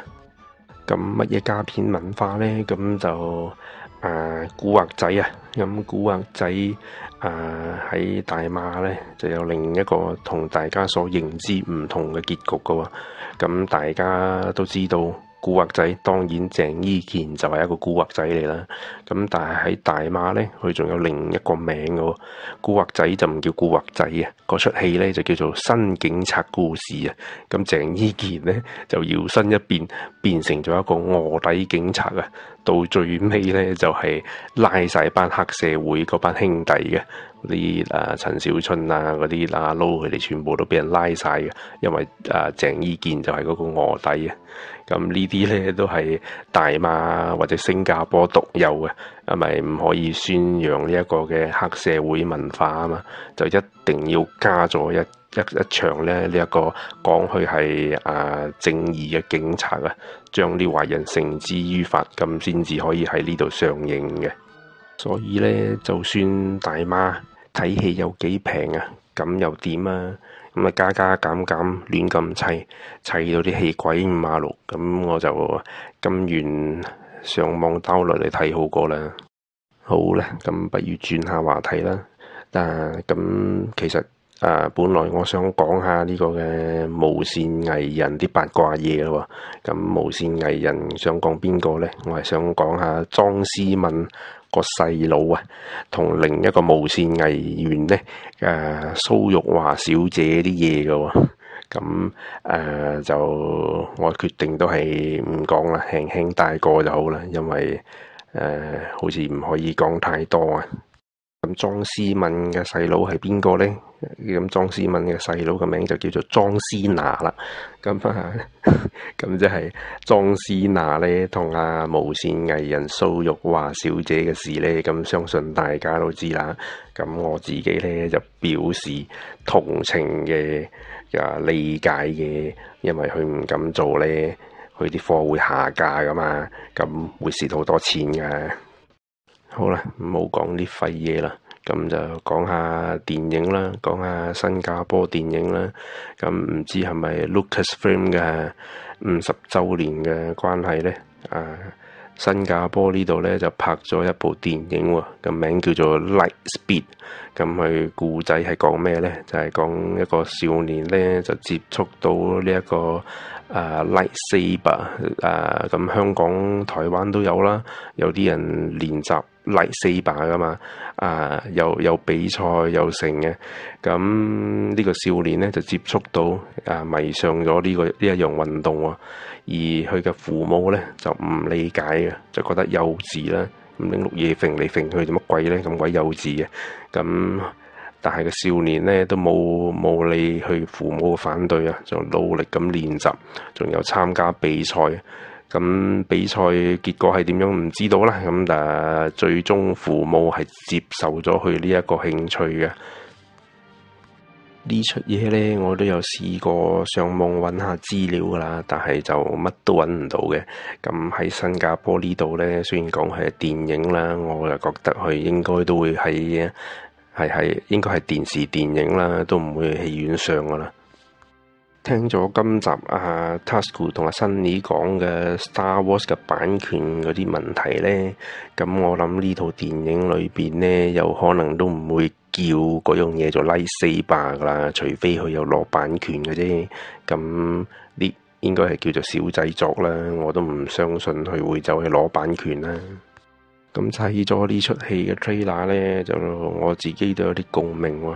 咁乜嘢加片文化呢？咁就。啊，古惑仔啊，咁古惑仔啊喺大馬呢就有另一個同大家所認知唔同嘅結局噶喎，哦。咁，啊、大家都知道古惑仔，當然鄭伊健就係一個古惑仔嚟啦。咁，啊、但係喺大馬呢，佢仲有另一個名噶喎，哦。古惑仔就唔叫古惑仔啊，嗰齣戲呢就叫做《新警察故事》啊。咁鄭伊健呢，就搖身一變，變成咗一個臥底警察啊！到最尾咧，就係拉晒班黑社會嗰班兄弟嘅，啲啊、呃、陳小春啊嗰啲啊撈佢哋全部都俾人拉晒嘅，因為啊、呃、鄭伊健就係嗰個臥底啊，咁呢啲咧都係大馬或者新加坡獨有嘅，咁咪唔可以宣揚呢一個嘅黑社會文化啊嘛，就一定要加咗一。一一場咧，呢一個講佢係啊正義嘅警察啊，將啲壞人繩之於法，咁先至可以喺呢度上映嘅。所以咧，就算大媽睇戲有幾平啊，咁又點啊？咁、嗯、啊，加加減減亂咁砌砌到啲戲鬼五馬六，咁我就甘願上網兜落嚟睇好過啦。好啦，咁不如轉下話題啦。啊，咁、嗯、其實～啊，本來我想講下呢個嘅無線藝人啲八卦嘢咯喎，咁、啊、無線藝人想講邊個呢？我係想講下莊思敏個細佬啊，同另一個無線藝員呢，誒蘇玉華小姐啲嘢嘅喎，咁、啊、誒、啊、就我決定都係唔講啦，輕輕帶過就好啦，因為誒、啊、好似唔可以講太多啊。咁莊思敏嘅細佬係邊個咧？咁莊思敏嘅細佬個名就叫做莊思娜啦。咁啊，咁即係莊思娜咧，同阿、啊、無綫藝人蘇玉華小姐嘅事咧，咁相信大家都知啦。咁我自己咧就表示同情嘅、啊，理解嘅，因為佢唔敢做咧，佢啲貨會下架噶嘛，咁會蝕好多錢噶。好啦，冇講啲廢嘢啦，咁就講下電影啦，講下新加坡電影啦。咁唔知係咪 Lucasfilm 嘅五十週年嘅關係呢？啊，新加坡呢度呢，就拍咗一部電影，個名叫做《Light Speed》。咁佢故仔係講咩呢？就係、是、講一個少年呢，就接觸到呢、這、一個啊 Light Saber 啊，咁、er, 啊、香港、台灣都有啦，有啲人練習。嚟四把噶嘛，啊又有，有比賽有成嘅，咁呢、這個少年咧就接觸到啊迷上咗呢、這個呢一樣運動喎、啊，而佢嘅父母咧就唔理解嘅，就覺得幼稚啦，五點六夜揈嚟揈去做乜鬼咧，咁鬼幼稚嘅，咁但係個少年咧都冇冇理佢父母嘅反對啊，就努力咁練習，仲有參加比賽。咁比賽結果係點樣唔知道啦。咁但係最終父母係接受咗佢呢一個興趣嘅。呢出嘢呢，我都有試過上網揾下資料噶啦，但係就乜都揾唔到嘅。咁喺新加坡呢度呢，雖然講係電影啦，我就覺得佢應該都會係係係應該係電視電影啦，都唔會戲院上噶啦。聽咗今集啊，TASUKU 同阿 Sunny 講嘅《啊、Star Wars》嘅版權嗰啲問題呢，咁我諗呢套電影裏邊呢，有可能都唔會叫嗰樣嘢做 Light Saber 噶啦，除非佢有攞版權嘅啫。咁呢應該係叫做小製作啦，我都唔相信佢會走去攞版權啦。咁睇咗呢出戲嘅 trailer 呢，就同我自己都有啲共鳴喎。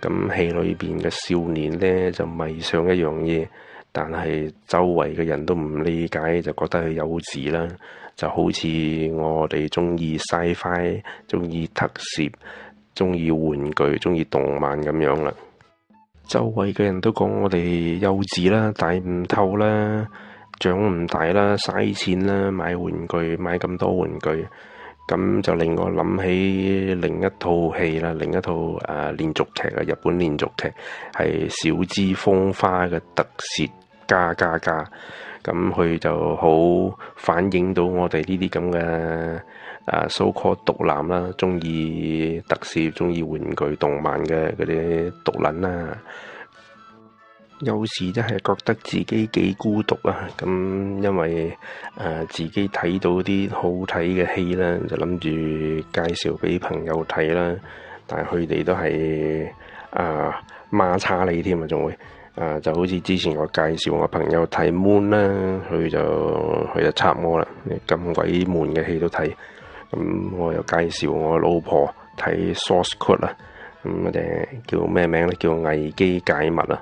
咁戲裏邊嘅少年呢，就迷上一樣嘢，但係周圍嘅人都唔理解，就覺得佢幼稚啦，就好似我哋中意 sci-fi、中意特攝，中意玩具，中意動漫咁樣啦。周圍嘅人都講我哋幼稚啦，大唔透啦，長唔大啦，嘥錢啦，買玩具，買咁多玩具。咁就令我諗起另一套戲啦，另一套誒、啊、連續劇嘅日本連續劇，係《小芝風花》嘅特攝加加加，咁佢就好反映到我哋呢啲咁嘅誒 so called 毒男啦，中意特攝、中意玩具動漫嘅嗰啲毒撚啦。有時真係覺得自己幾孤獨啊！咁、嗯、因為誒、呃、自己睇到啲好睇嘅戲咧，就諗住介紹俾朋友睇啦。但係佢哋都係啊、呃、孖叉你添啊，仲會啊、呃、就好似之前我介紹我朋友睇 Moon 啦，佢就佢就插魔啦，咁鬼悶嘅戲都睇。咁、嗯、我又介紹我老婆睇 Source Code 啊，咁我哋叫咩名咧？叫危機解密啊。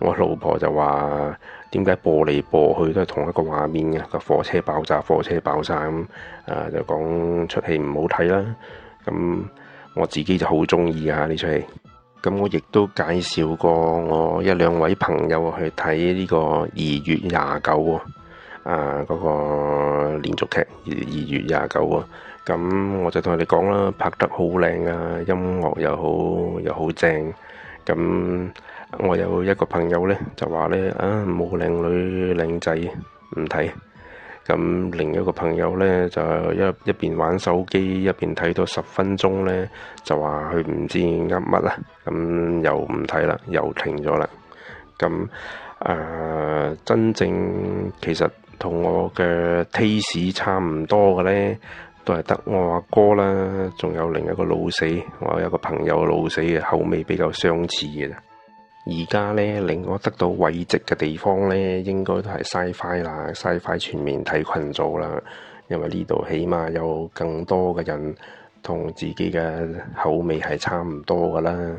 我老婆就話：點解播嚟播去都係同一個畫面嘅個火車爆炸、火車爆炸咁？啊、呃，就講出戲唔好睇啦。咁、嗯、我自己就好中意啊呢出戲。咁、嗯、我亦都介紹過我一兩位朋友去睇呢個二月廿九喎。啊，嗰、嗰個連續劇二月廿九喎。咁我就同佢哋講啦，拍得好靚啊，音樂又好，又好正。咁、嗯我有一個朋友咧，就話咧，啊，冇靚女靚仔唔睇，咁另一個朋友咧，就一一邊玩手機一邊睇到十分鐘咧，就話佢唔知噏乜啦，咁又唔睇啦，又停咗啦。咁誒、呃，真正其實同我嘅 taste 差唔多嘅咧，都係得我阿哥啦，仲有另一個老死，我有一個朋友老死嘅口味比較相似嘅。而家咧令我得到慰藉嘅地方咧，應該都係 Sci-Fi 啦，Sci-Fi 全面睇群組啦，因為呢度起碼有更多嘅人同自己嘅口味係差唔多㗎啦。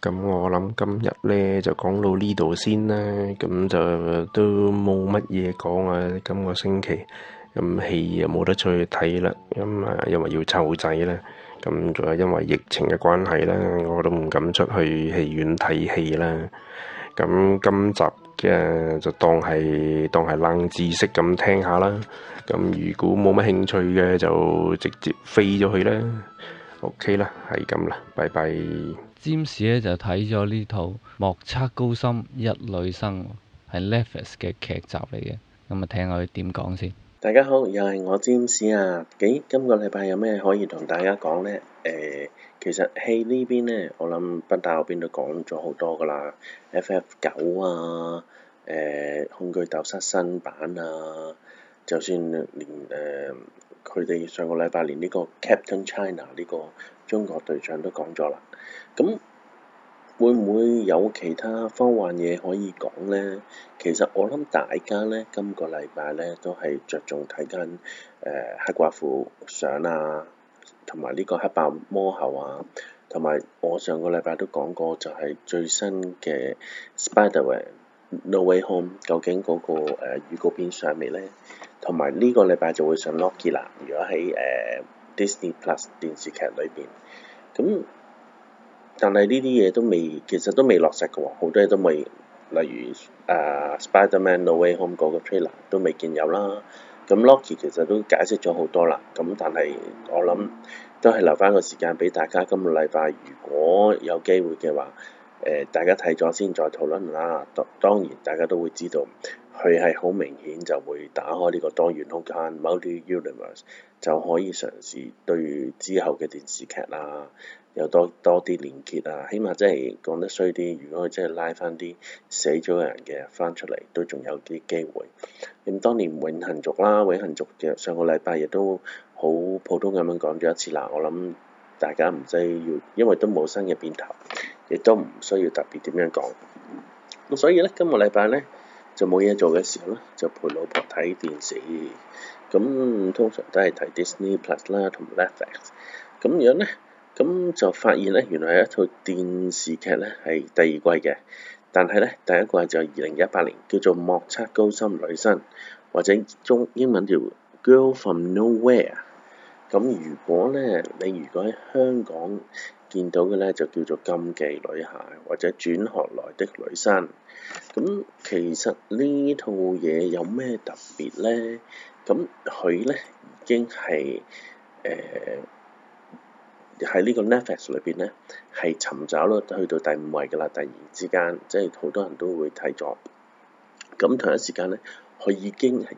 咁我諗今日咧就講到呢度先啦，咁就都冇乜嘢講啊。今個星期咁戲又冇得出去睇啦，咁啊因為要湊仔啦。咁仲係因為疫情嘅關係咧，我都唔敢出去戲院睇戲啦。咁今集嘅就當係當係冷知識咁聽下啦。咁如果冇乜興趣嘅就直接飛咗去啦。OK 啦，係咁啦，拜拜。James 咧就睇咗呢套《莫測高深一女生》，係 l e f f s 嘅劇集嚟嘅。咁啊，聽佢點講先。大家好，又係我占士啊！誒今個禮拜有咩可以同大家講咧？誒、呃，其實戲、hey, 呢邊咧，我諗北大邊都講咗好多㗎喇。F F 九啊，誒、呃，恐懼鬥室新版啊，就算連誒，佢、呃、哋上個禮拜連呢個 Captain China 呢個中國隊長都講咗啦。咁、嗯會唔會有其他科幻嘢可以講呢？其實我諗大家咧，今個禮拜咧都係着重睇緊誒黑寡婦相啊，同埋呢個黑白魔后啊，同埋我上個禮拜都講過，就係最新嘅 Spider-Man No Way Home，究竟嗰、那個誒預、呃、告片上面咧，同埋呢個禮拜就會上 Loki 啦，如果喺誒、呃、Disney Plus 電視劇裏邊，咁、嗯。但係呢啲嘢都未，其實都未落實嘅喎，好多嘢都未，例如誒、uh, Spider-Man No Way Home 嗰個 trailer 都未見有啦。咁 Locky 其實都解釋咗好多啦。咁但係我諗都係留翻個時間俾大家今個禮拜，如果有機會嘅話，誒、呃、大家睇咗先再討論啦。當當然大家都會知道，佢係好明顯就會打開呢個多元空間，multiverse 就可以嘗試對之後嘅電視劇啦。有多多啲連結啊！起碼真係講得衰啲，如果佢真係拉翻啲死咗人嘅翻出嚟，都仲有啲機會。咁、嗯、當年永恆族啦，永恆族嘅上個禮拜亦都好普通咁樣講咗一次啦。我諗大家唔使要，因為都冇新嘅變頭，亦都唔需要特別點樣講。咁所以咧，今個禮拜咧就冇嘢做嘅時候咧，就陪老婆睇電視。咁通常都係睇 Disney Plus 啦，同 Netflix。咁樣咧。咁就發現咧，原來有一套電視劇咧，係第二季嘅。但係咧，第一季就係二零一八年，叫做《莫測高深女生》，或者中英文叫《Girl From Nowhere》。咁如果咧，你如果喺香港見到嘅咧，就叫做《禁忌女孩》或者轉學來的女生。咁其實套呢套嘢有咩特別咧？咁佢咧已經係誒。呃喺呢個 Netflix 裏邊咧，係尋找咯，去到第五位㗎啦。突然之間，即係好多人都會睇咗。咁同一時間咧，佢已經係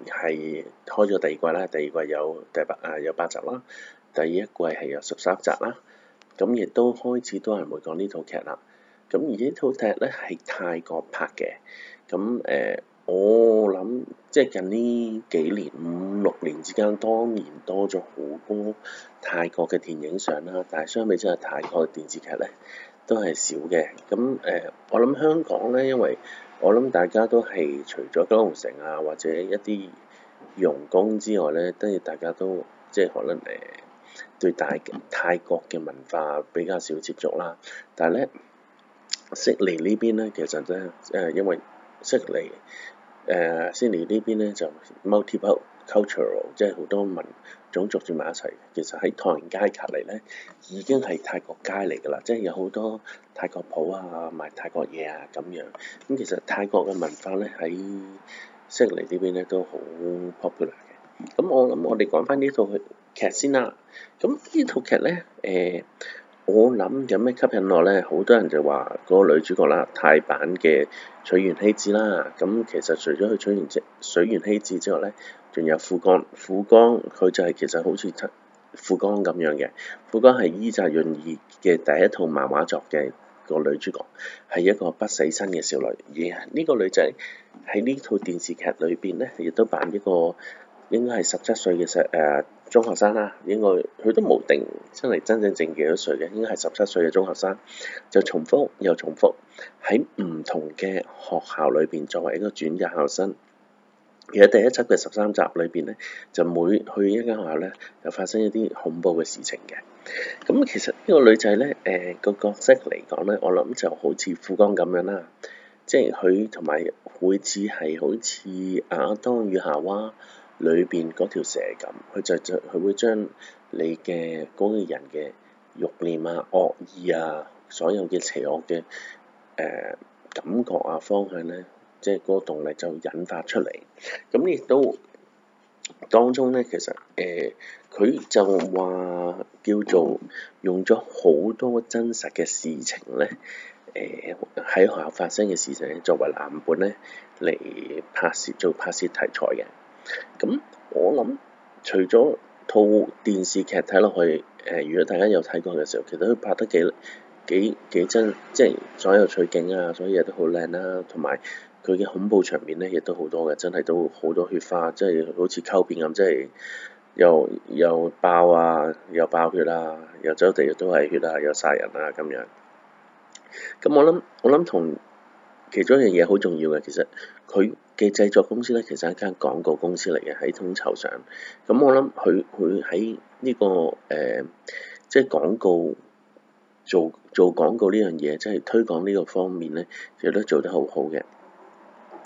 開咗第二季啦。第二季有第八啊，有八集啦。第一季係有十三集啦。咁亦都開始多人會講呢套劇啦。咁而呢套劇咧係泰國拍嘅。咁誒。呃我諗即係近呢幾年五六年之間，當然多咗好多泰國嘅電影上啦，但係相比起泰國嘅電視劇咧，都係少嘅。咁誒、呃，我諗香港咧，因為我諗大家都係除咗九龍城啊，或者一啲傭工之外咧，當然大家都即係可能誒、呃、對大泰國嘅文化比較少接觸啦。但係咧，悉尼邊呢邊咧，其實咧誒、呃，因為悉尼。誒，悉尼、uh, 呢邊咧就 multi-cultural，p l e 即係好多民族住埋一齊。其實喺唐人街隔離咧，已經係泰國街嚟㗎啦，即係有好多泰國鋪啊，賣泰國嘢啊咁樣。咁、嗯、其實泰國嘅文化咧喺悉尼呢邊咧都好 popular 嘅。咁我諗我哋講翻呢套劇先啦。咁呢套劇咧，誒。我諗有咩吸引我咧？好多人就話嗰個女主角啦，泰版嘅水原希子啦。咁其實除咗佢水原希子之外咧，仲有富江。富江佢就係其實好似出富江咁樣嘅。富江係伊澤潤二嘅第一套漫畫作嘅個女主角，係一個不死身嘅少女。而呢個女仔喺呢套電視劇裏邊咧，亦都扮一個應該係十七歲嘅細誒。呃中學生啦，應該佢都冇定真係真正正幾多歲嘅，應該係十七歲嘅中學生，就重複又重複喺唔同嘅學校裏邊作為一個轉校生。而喺第一輯嘅十三集裏邊咧，就每去一間學校咧，就發生一啲恐怖嘅事情嘅。咁、嗯、其實呢個女仔咧，誒、呃、個角色嚟講咧，我諗就好似富江咁樣啦，即係佢同埋每次係好似亞當與夏娃裏邊嗰條蛇咁，佢就就佢會將你嘅嗰個人嘅慾念啊、惡意啊、所有嘅邪惡嘅誒、呃、感覺啊、方向咧，即係嗰個動力就引發出嚟。咁亦都當中咧，其實誒佢、呃、就話叫做用咗好多真實嘅事情咧，誒、呃、喺學校發生嘅事情作為藍本咧嚟拍攝做拍攝題材嘅。咁我諗，除咗套電視劇睇落去，誒、呃，如果大家有睇過嘅時候，其實佢拍得幾幾幾真，即係所有取景啊，所以都好靚啦，同埋佢嘅恐怖場面咧，亦都好多嘅，真係都好多血花，即係好似溝片咁，即係又又爆啊，又爆血啊，又走地都係血啊，又殺人啊咁樣。咁我諗，我諗同。其中一樣嘢好重要嘅，其實佢嘅製作公司咧，其實係一間廣告公司嚟嘅，喺統籌上。咁我諗佢佢喺呢個誒、呃，即係廣告做做廣告呢樣嘢，即係推廣呢個方面咧，其實都做得好好嘅。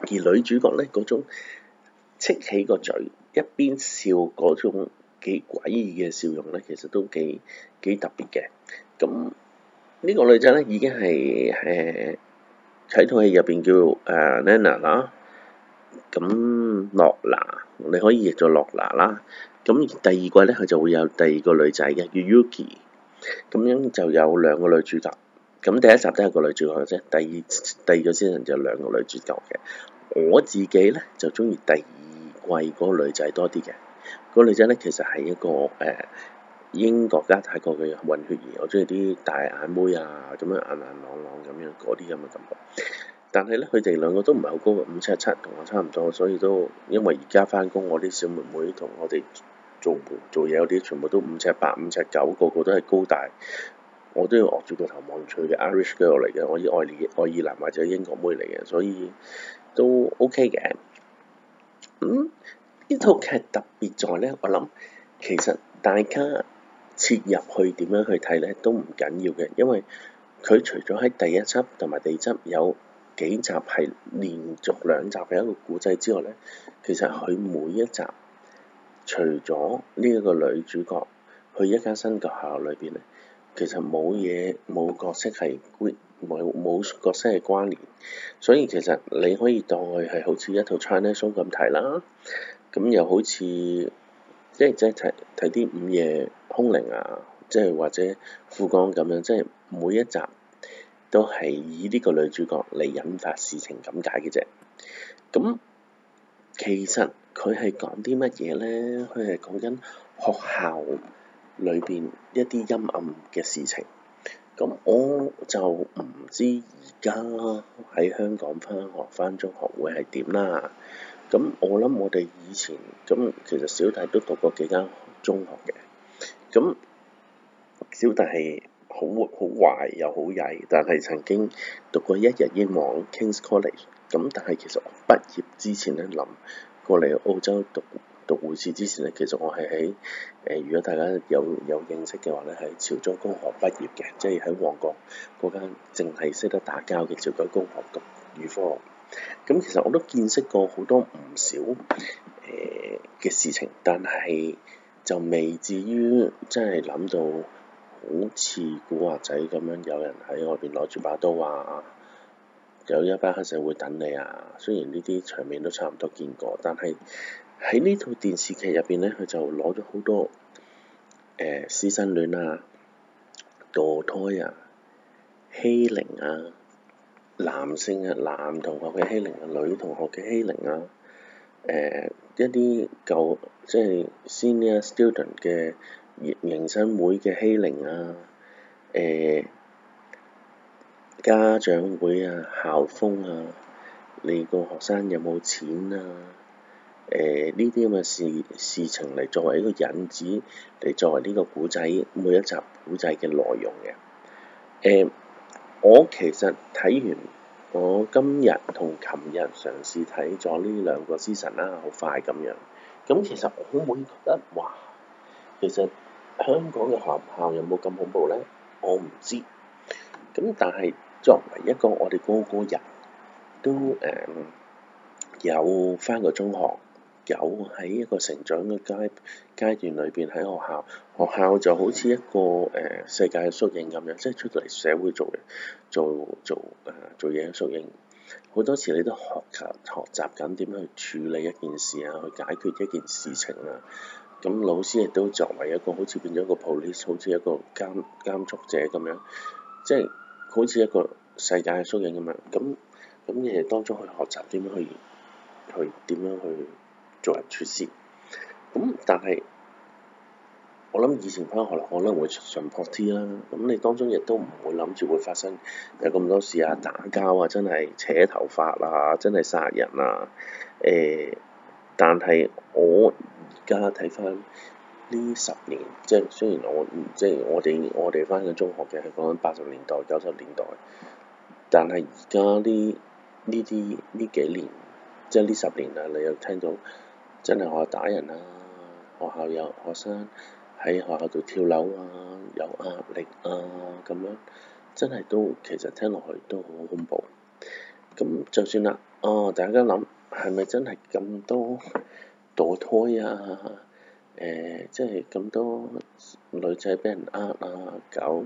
而女主角咧，嗰種戚起個嘴一邊笑嗰種幾詭異嘅笑容咧，其實都幾幾特別嘅。咁呢、這個女仔咧，已經係誒。喺套戲入邊叫誒 Nana 啦，咁洛娜你可以譯做洛娜啦，咁第二季咧佢就會有第二個女仔嘅叫 Yuki，咁樣就有兩個女主角，咁第一集都係個女主角嘅啫，第二第二個先人就有兩個女主角嘅，我自己咧就中意第二季嗰個女仔多啲嘅，嗰個女仔咧其實係一個誒。呃英國加泰國嘅混血兒，我鍾意啲大眼妹啊，咁樣硬硬朗朗咁樣嗰啲咁嘅感覺。但係咧，佢哋兩個都唔係好高嘅，五尺七同我差唔多，所以都因為而家返工，我啲小妹妹同我哋做做嘢嗰啲，全部都五尺八、五尺九，個個都係高大。我都要惡住個頭望住嘅 Irish Girl 嚟嘅，我以愛尼愛爾蘭或者英國妹嚟嘅，所以都 OK 嘅。咁、嗯、呢套劇特別在咧，我諗其實大家，切入去點樣去睇呢，都唔緊要嘅，因為佢除咗喺第一集同埋第二集有幾集係連續兩集嘅一個古仔之外呢，其實佢每一集除咗呢一個女主角去一間新嘅學校裏邊呢，其實冇嘢冇角色係 g o 冇冇角色係關聯，所以其實你可以當佢係好似一套 Chinese s 槍彈傷咁睇啦，咁又好似。即係即係睇睇啲午夜兇鈴啊，即係或者富江咁樣，即係每一集都係以呢個女主角嚟引發事情咁解嘅啫。咁、嗯、其實佢係講啲乜嘢咧？佢係講緊學校裏邊一啲陰暗嘅事情。咁我就唔知而家喺香港翻學翻中學會係點啦。咁我諗我哋以前咁其實小弟都讀過幾間中學嘅，咁小弟係好好壞又好曳，但係曾經讀過一日英皇 King's College，咁但係其實我畢業之前咧，臨過嚟澳洲讀讀護士之前咧，其實我係喺誒如果大家有有認識嘅話咧，喺潮州公學畢業嘅，即係喺旺角嗰間淨係識得打交嘅潮州公學讀預科。咁其實我都見識過好多唔少誒嘅、呃、事情，但係就未至於真係諗到好似古惑仔咁樣，有人喺外邊攞住把刀啊，有一班黑社會等你啊。雖然呢啲場面都差唔多見過，但係喺呢套電視劇入邊咧，佢就攞咗好多誒、呃、私生戀啊、墮胎啊、欺凌啊。男性嘅、啊、男同學嘅欺凌啊，女同學嘅欺凌啊，誒、呃、一啲舊即係、就是、senior student 嘅迎新會嘅欺凌啊，誒、呃、家長會啊校風啊，你個學生有冇錢啊？誒呢啲咁嘅事事情嚟作為一個引子，嚟作為呢個古仔每一集古仔嘅內容嘅、啊，誒、呃。我其實睇完，我今日同琴日嘗試睇咗呢兩個 season 啦，好快咁樣。咁其實我會唔會覺得，哇！其實香港嘅學校有冇咁恐怖咧？我唔知。咁但係作為一個我哋個個人都誒、嗯、有翻過中學。有喺一個成長嘅階階段裏邊喺學校，學校就好似一個誒、呃、世界縮影咁樣，即係出嚟社會做嘅做做誒、呃、做嘢嘅縮影。好多時你都學習學習緊點樣去處理一件事啊，去解決一件事情啊。咁老師亦都作為一個好似變咗個 police，好似一個監監督者咁樣，即係好似一個世界嘅縮影咁樣。咁咁你哋當中去學習點樣去去點樣去。做人處事，咁、嗯、但係我諗以前翻學可能可能會純樸啲啦，咁、嗯、你當中亦都唔會諗住會發生有咁多事啊、打交啊、真係扯頭髮啊、真係殺人啊，誒、欸，但係我而家睇翻呢十年，即係雖然我即係我哋我哋翻緊中學嘅係講緊八十年代九十年代，但係而家呢呢啲呢幾年即係呢十年啊，你有聽到。真係學校打人啊！學校有學生喺學校度跳樓啊，有壓力啊咁樣，真係都其實聽落去都好恐怖。咁就算啦，哦，大家諗係咪真係咁多墮胎啊？誒、呃，即係咁多女仔俾人呃啊搞，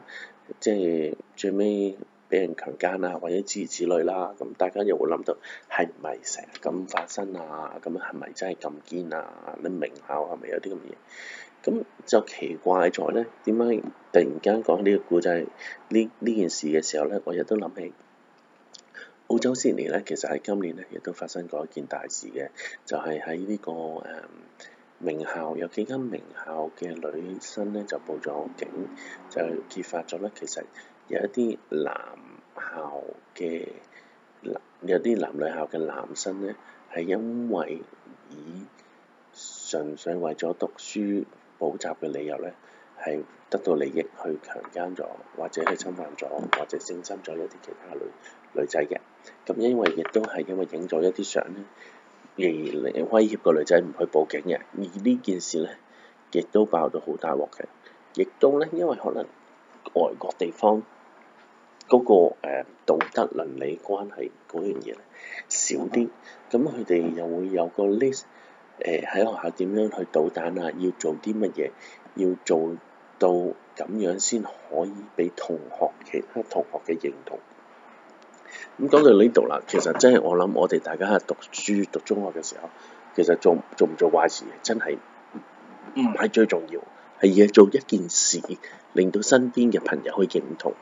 即係最尾。俾人強奸啊，或者諸如此類啦，咁大家又會諗到係唔係成日咁發生啊？咁樣係咪真係咁堅啊？啲名校係咪有啲咁嘅嘢？咁就奇怪咗咧，點解突然間講呢個故仔呢？呢件事嘅時候咧，我亦都諗起澳洲先年咧，其實喺今年咧亦都發生過一件大事嘅，就係喺呢個誒、呃、名校有幾間名校嘅女生咧就報咗警，就揭發咗咧，其實。有一啲男校嘅男有啲男女校嘅男生咧，係因為以純粹為咗讀書補習嘅理由咧，係得到利益去強姦咗，或者係侵犯咗，或者性侵咗一啲其他女女仔嘅。咁因為亦都係因為影咗一啲相咧，而嚟威脅個女仔唔去報警嘅。而呢件事咧，亦都爆到好大鑊嘅，亦都咧，因為可能外國地方。嗰、嗰個呃、道德倫理關係嗰樣嘢少啲，咁佢哋又會有個 list 誒、呃、喺學校點樣去搗蛋啊？要做啲乜嘢？要做到咁樣先可以俾同學其他同學嘅認同。咁、嗯、講到呢度啦，其實真係我諗，我哋大家讀書讀中學嘅時候，其實做做唔做壞事真係唔係最重要，係要做一件事，令到身邊嘅朋友去認同。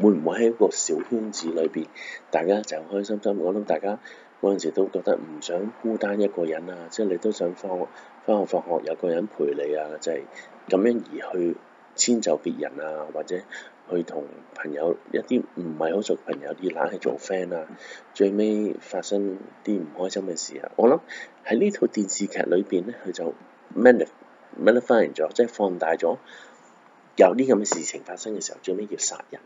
會唔會喺一個小圈子裏邊，大家就開心心？我諗大家嗰陣時都覺得唔想孤單一個人啊，即係你都想放翻學，學放學有個人陪你啊，即係咁樣而去遷就別人啊，或者去同朋友一啲唔係好熟嘅朋友啲懶去做 friend 啊，最尾發生啲唔開心嘅事啊！我諗喺呢套電視劇裏邊咧，佢就 manify manify 咗，即係放大咗有啲咁嘅事情發生嘅時候，最尾要殺人。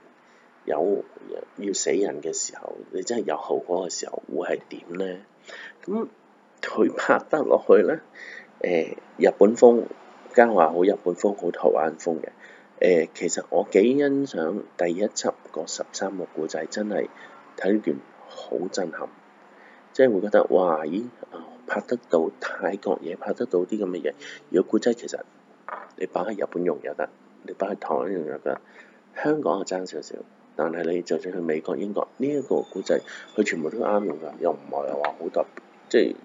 有，有要死人嘅時候，你真係有後果嘅時候，會係點咧？咁佢拍得落去咧？誒、欸，日本風間話好日本風好台灣風嘅。誒、欸，其實我幾欣賞第一輯嗰十三個故仔，真係睇完好震撼。真係會覺得哇！咦？拍得到泰國嘢，拍得到啲咁嘅嘢。如果故仔其實你擺喺日本用又得，你擺喺台灣用又得，香港啊爭少少。但係你就算去美國、英國呢一個古仔，佢全部都啱用㗎，又唔係又話好特別，即係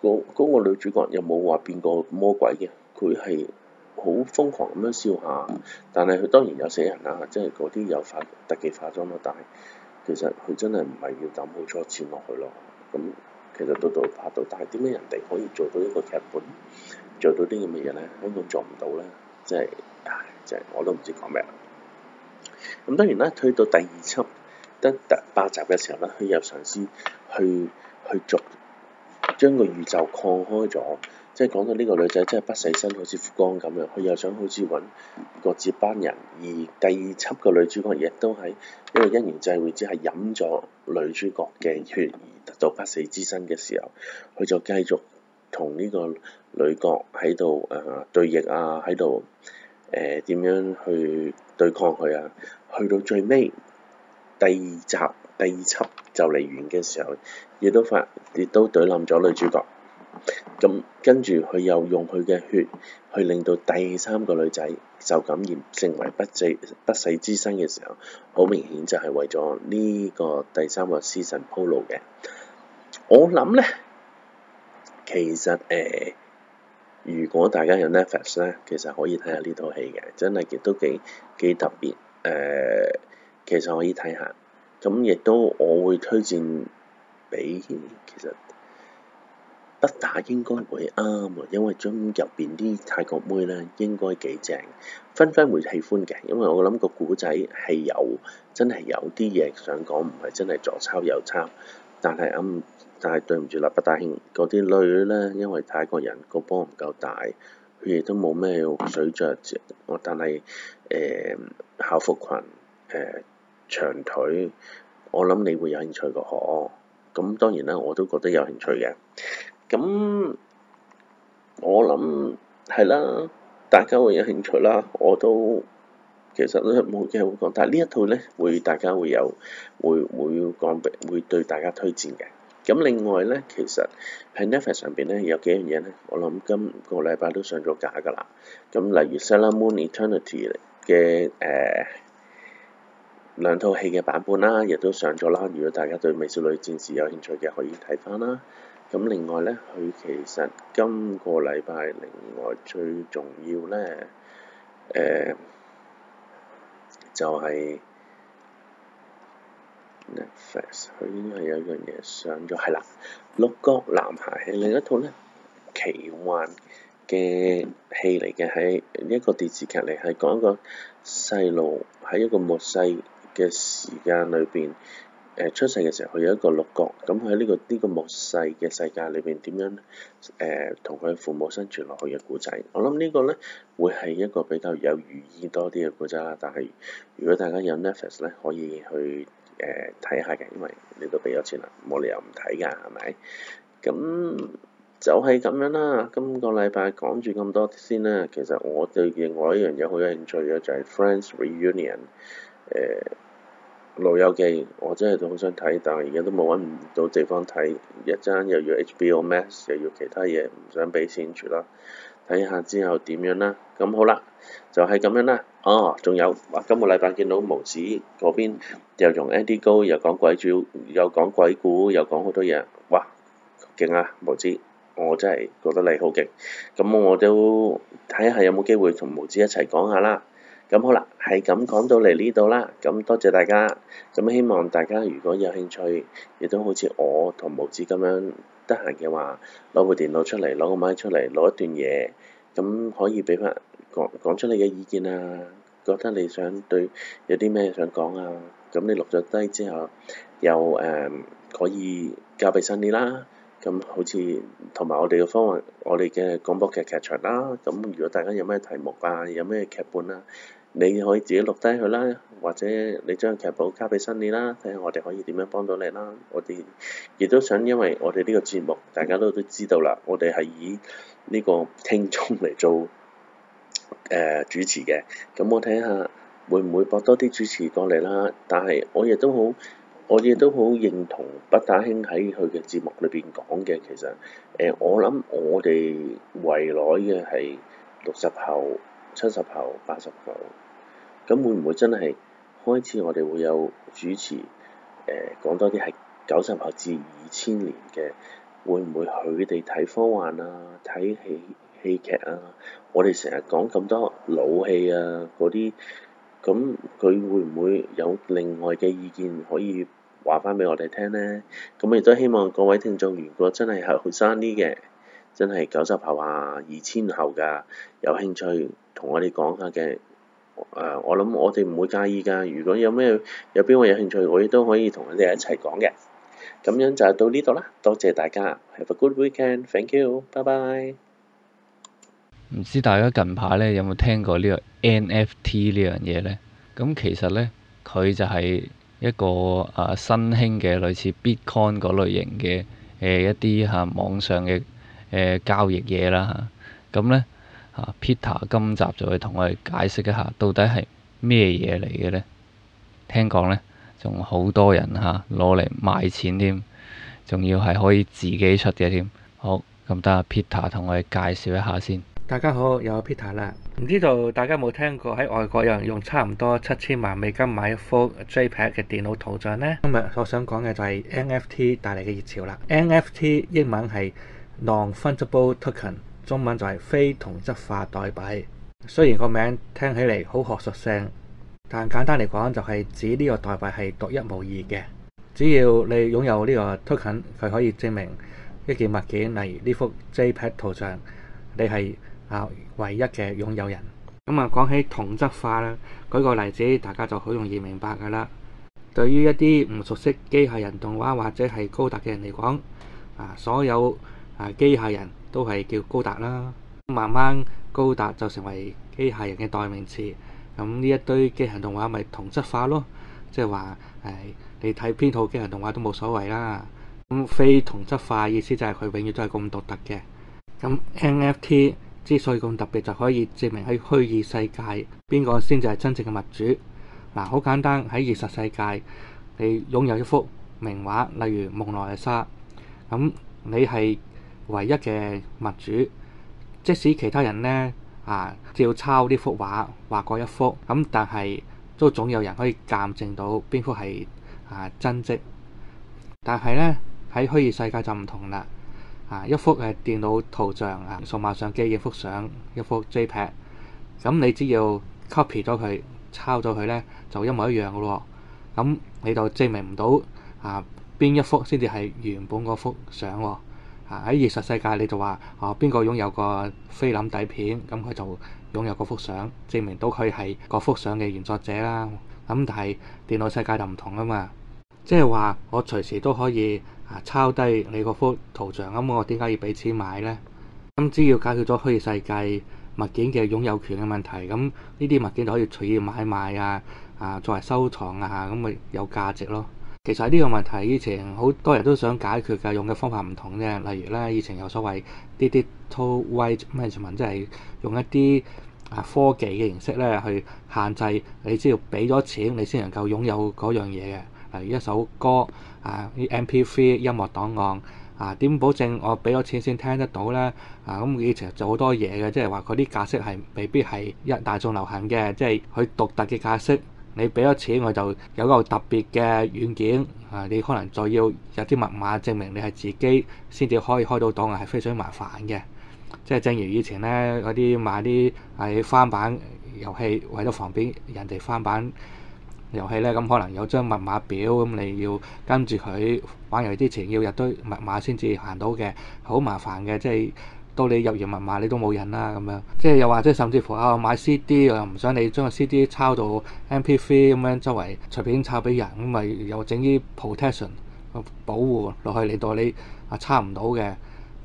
個嗰個女主角又冇話變個魔鬼嘅，佢係好瘋狂咁樣笑下，但係佢當然有死人啦，即係嗰啲有化特技化妝咯，但係其實佢真係唔係要抌好多錢落去咯，咁其實都都拍到，但係點解人哋可以做到一個劇本，做到啲咁嘅嘢咧？香港做唔到啦，即係唉，即係我都唔知講咩。咁當然啦，推到第二輯得第八集嘅時候咧，佢又嘗試去去逐將個宇宙擴開咗，即係講到呢個女仔真係不死身，好似富江咁樣，佢又想好似揾個接班人。而第二輯個女主角亦都喺一個因緣際會之下飲咗女主角嘅血而得到不死之身嘅時候，佢就繼續同呢個女角喺度誒對弈啊，喺度誒點樣去對抗佢啊！去到最尾，第二集第二輯就嚟完嘅時候，亦都發，亦都懟冧咗女主角。咁跟住佢又用佢嘅血去令到第三個女仔受感染，成為不死不死之身嘅時候，好明顯就係為咗呢個第三個施神鋪路嘅。我諗咧，其實誒。呃如果大家有 Netflix 咧，呃，其實可以睇下呢套戲嘅，真係亦都幾幾特別。誒，其實可以睇下。咁亦都我會推薦俾，其實不打應該會啱，因為中入邊啲泰國妹咧應該幾正，分分會喜歡嘅。因為我諗個古仔係有真係有啲嘢想講，唔係真係左抄右抄，但係咁。嗯但係對唔住喇，不打興嗰啲女咧，因為泰國人個波唔夠大，佢亦都冇咩水着。我但係誒、呃、校服裙誒、呃、長腿，我諗你會有興趣嘅可。咁當然啦，我都覺得有興趣嘅。咁我諗係啦，大家會有興趣啦。我都其實咧冇嘢好講，但係呢一套咧會大家會有會會講俾會,會對大家推薦嘅。咁另外咧，其實 Panaview 上邊咧有幾樣嘢咧，我諗今個禮拜都上咗架㗎啦。咁例如 Moon、e《Sailor Moon、呃、Eternity》嘅誒兩套戲嘅版本啦，亦都上咗啦。如果大家對美少女戰士有興趣嘅，可以睇翻啦。咁另外咧，佢其實今個禮拜另外最重要咧，誒、呃、就係、是。Netflix 佢應該係有一樣嘢上咗係啦，《六角男孩》係另一套咧奇幻嘅戲嚟嘅，喺一個電視劇嚟，係講一個細路喺一個末世嘅時間裏邊誒出世嘅時候，佢有一個六角，咁喺呢個呢、呢個末世嘅世界裏邊點樣誒同佢父母生存落去嘅故仔。我諗呢個咧會係一個比較有寓意多啲嘅故仔啦。但係如果大家有 Netflix 咧，可以去。誒睇下嘅，因為你都俾咗錢啦，冇理由唔睇㗎，係咪？咁就係、是、咁樣啦。今個禮拜講住咁多先啦。其實我對另外一樣嘢好有興趣嘅，就係、是、Friends Reunion，誒、呃、老友記。我真係都好想睇，但係而家都冇揾唔到地方睇，一陣又要 HBO Max，又要其他嘢，唔想俾錢住啦。睇下之後點樣啦。咁好啦。就係咁樣啦。哦，仲有啊！今個禮拜見到毛子嗰邊又用 a d d y 高，又講鬼招，又講鬼故，又講好多嘢。哇，勁啊！毛子，我真係覺得你好勁。咁我都睇下有冇機會同毛子一齊講下啦。咁好啦，係咁講到嚟呢度啦。咁多謝大家。咁希望大家如果有興趣，亦都好似我同毛子咁樣得閒嘅話，攞部電腦出嚟，攞個麥出嚟，攞一段嘢，咁可以俾翻。講講出你嘅意見啊！覺得你想對有啲咩想講啊？咁你錄咗低之後，又誒、呃、可以交俾辛尼啦。咁好似同埋我哋嘅方案，我哋嘅廣播劇劇場啦。咁如果大家有咩題目啊，有咩劇本啊，你可以自己錄低佢啦，或者你將劇本交畀辛尼啦，睇下我哋可以點樣幫到你啦。我哋亦都想，因為我哋呢個節目大家都都知道啦，我哋係以呢個聽眾嚟做。誒、呃、主持嘅，咁我睇下會唔會播多啲主持過嚟啦。但係我亦都好，我亦都好認同不打兄喺佢嘅節目裏邊講嘅，其實誒、呃、我諗我哋未來嘅係六十後、七十後、八十後，咁會唔會真係開始我哋會有主持誒講、呃、多啲係九十後至二千年嘅，會唔會佢哋睇科幻啊睇戲？戲劇啊！我哋成日講咁多老戲啊，嗰啲咁佢會唔會有另外嘅意見可以話翻俾我哋聽呢？咁亦都希望各位聽眾，如果真係係後生啲嘅，真係九十後啊、二千後噶，有興趣同我哋講下嘅，誒、呃，我諗我哋唔會介意噶。如果有咩有邊位有興趣，我亦都可以同你哋一齊講嘅。咁樣就係到呢度啦，多謝大家，Have a good weekend，Thank you，拜拜。唔知大家近排呢有冇聽過呢個 NFT 呢樣嘢呢？咁其實呢，佢就係一個誒、啊、新興嘅類似 Bitcoin 嗰類型嘅誒、呃、一啲嚇、啊、網上嘅誒、呃、交易嘢啦嚇。咁、啊、咧 Peter 今集就會同我哋解釋一下到底係咩嘢嚟嘅咧？聽講呢，仲好多人嚇攞嚟賣錢添，仲要係可以自己出嘅添。好，咁等啊，Peter 同我哋介紹一下先。大家好，又係 Peter 啦。唔知道大家有冇聽過喺外國有人用差唔多七千萬美金買一幅 Jpeg 嘅電腦圖像呢？今日我想講嘅就係 NFT 帶嚟嘅熱潮啦。NFT 英文係 Non-Fungible Token，中文就係非同質化代幣。雖然個名聽起嚟好學術性，但簡單嚟講就係指呢個代幣係獨一無二嘅。只要你擁有呢個 token，佢可以證明一件物件，例如呢幅 Jpeg 圖像，你係。唯一嘅擁有人。咁啊，講起同質化啦，舉個例子，大家就好容易明白㗎啦。對於一啲唔熟悉機械人動畫或者係高達嘅人嚟講，啊，所有啊機械人都係叫高達啦。慢慢高達就成為機械人嘅代名詞。咁呢一堆機械人動畫咪同質化咯，即係話誒，你睇邊套機械動畫都冇所謂啦。咁非同質化意思就係佢永遠都係咁獨特嘅。咁 NFT 之所以咁特別，就可以證明喺虛擬世界邊個先至係真正嘅物主。嗱、啊，好簡單，喺現實世界，你擁有一幅名畫，例如蒙娜麗莎，咁、嗯、你係唯一嘅物主。即使其他人呢，啊照抄呢幅畫，畫過一幅，咁、嗯、但係都總有人可以鑑證到邊幅係啊真跡。但係呢，喺虛擬世界就唔同啦。啊！一幅係電腦圖像啊，數碼相機一幅相，一幅 JPEG，咁你只要 copy 咗佢，抄咗佢呢，就一模一樣嘅咯。咁你就證明唔到啊邊一幅先至係原本嗰幅相喎。啊喺現實世界你就話啊邊個擁有個菲林底片，咁佢就擁有嗰幅相，證明到佢係嗰幅相嘅原作者啦。咁但係電腦世界就唔同啊嘛，即係話我隨時都可以。啊！抄低你嗰幅圖像，咁我點解要俾錢買呢？咁只要解決咗虛擬世界物件嘅擁有權嘅問題，咁呢啲物件就可以隨意買賣啊！啊，作為收藏啊，咁咪有價值咯。其實呢個問題以前好多人都想解決㗎，用嘅方法唔同啫。例如呢，以前有所謂啲啲 token 咩文，D T o、即係用一啲啊科技嘅形式咧去限制你，只要俾咗錢，你先能夠擁有嗰樣嘢嘅。係一首歌，啊啲 MP3 音樂檔案，啊點保證我俾咗錢先聽得到呢？啊咁以前做好多嘢嘅，即係話嗰啲格式係未必係一大眾流行嘅，即係佢獨特嘅格式。你俾咗錢我就有個特別嘅軟件，啊你可能再要有啲密碼證明你係自己先至可以開到檔案，係非常麻煩嘅。即係正如以前呢，嗰啲買啲係翻版遊戲，為咗防備人哋翻版。遊戲咧，咁可能有張密碼表咁，你要跟住佢玩遊戲之前要入堆密碼先至行到嘅，好麻煩嘅。即係到你入完密碼你都冇人啦咁樣。即係又或者甚至乎啊、哦、買 CD，我又唔想你將個 CD 抄到 MP3 咁樣，周圍隨便抄俾人咁，咪又整啲 protection 保護落去你到你啊抄唔到嘅，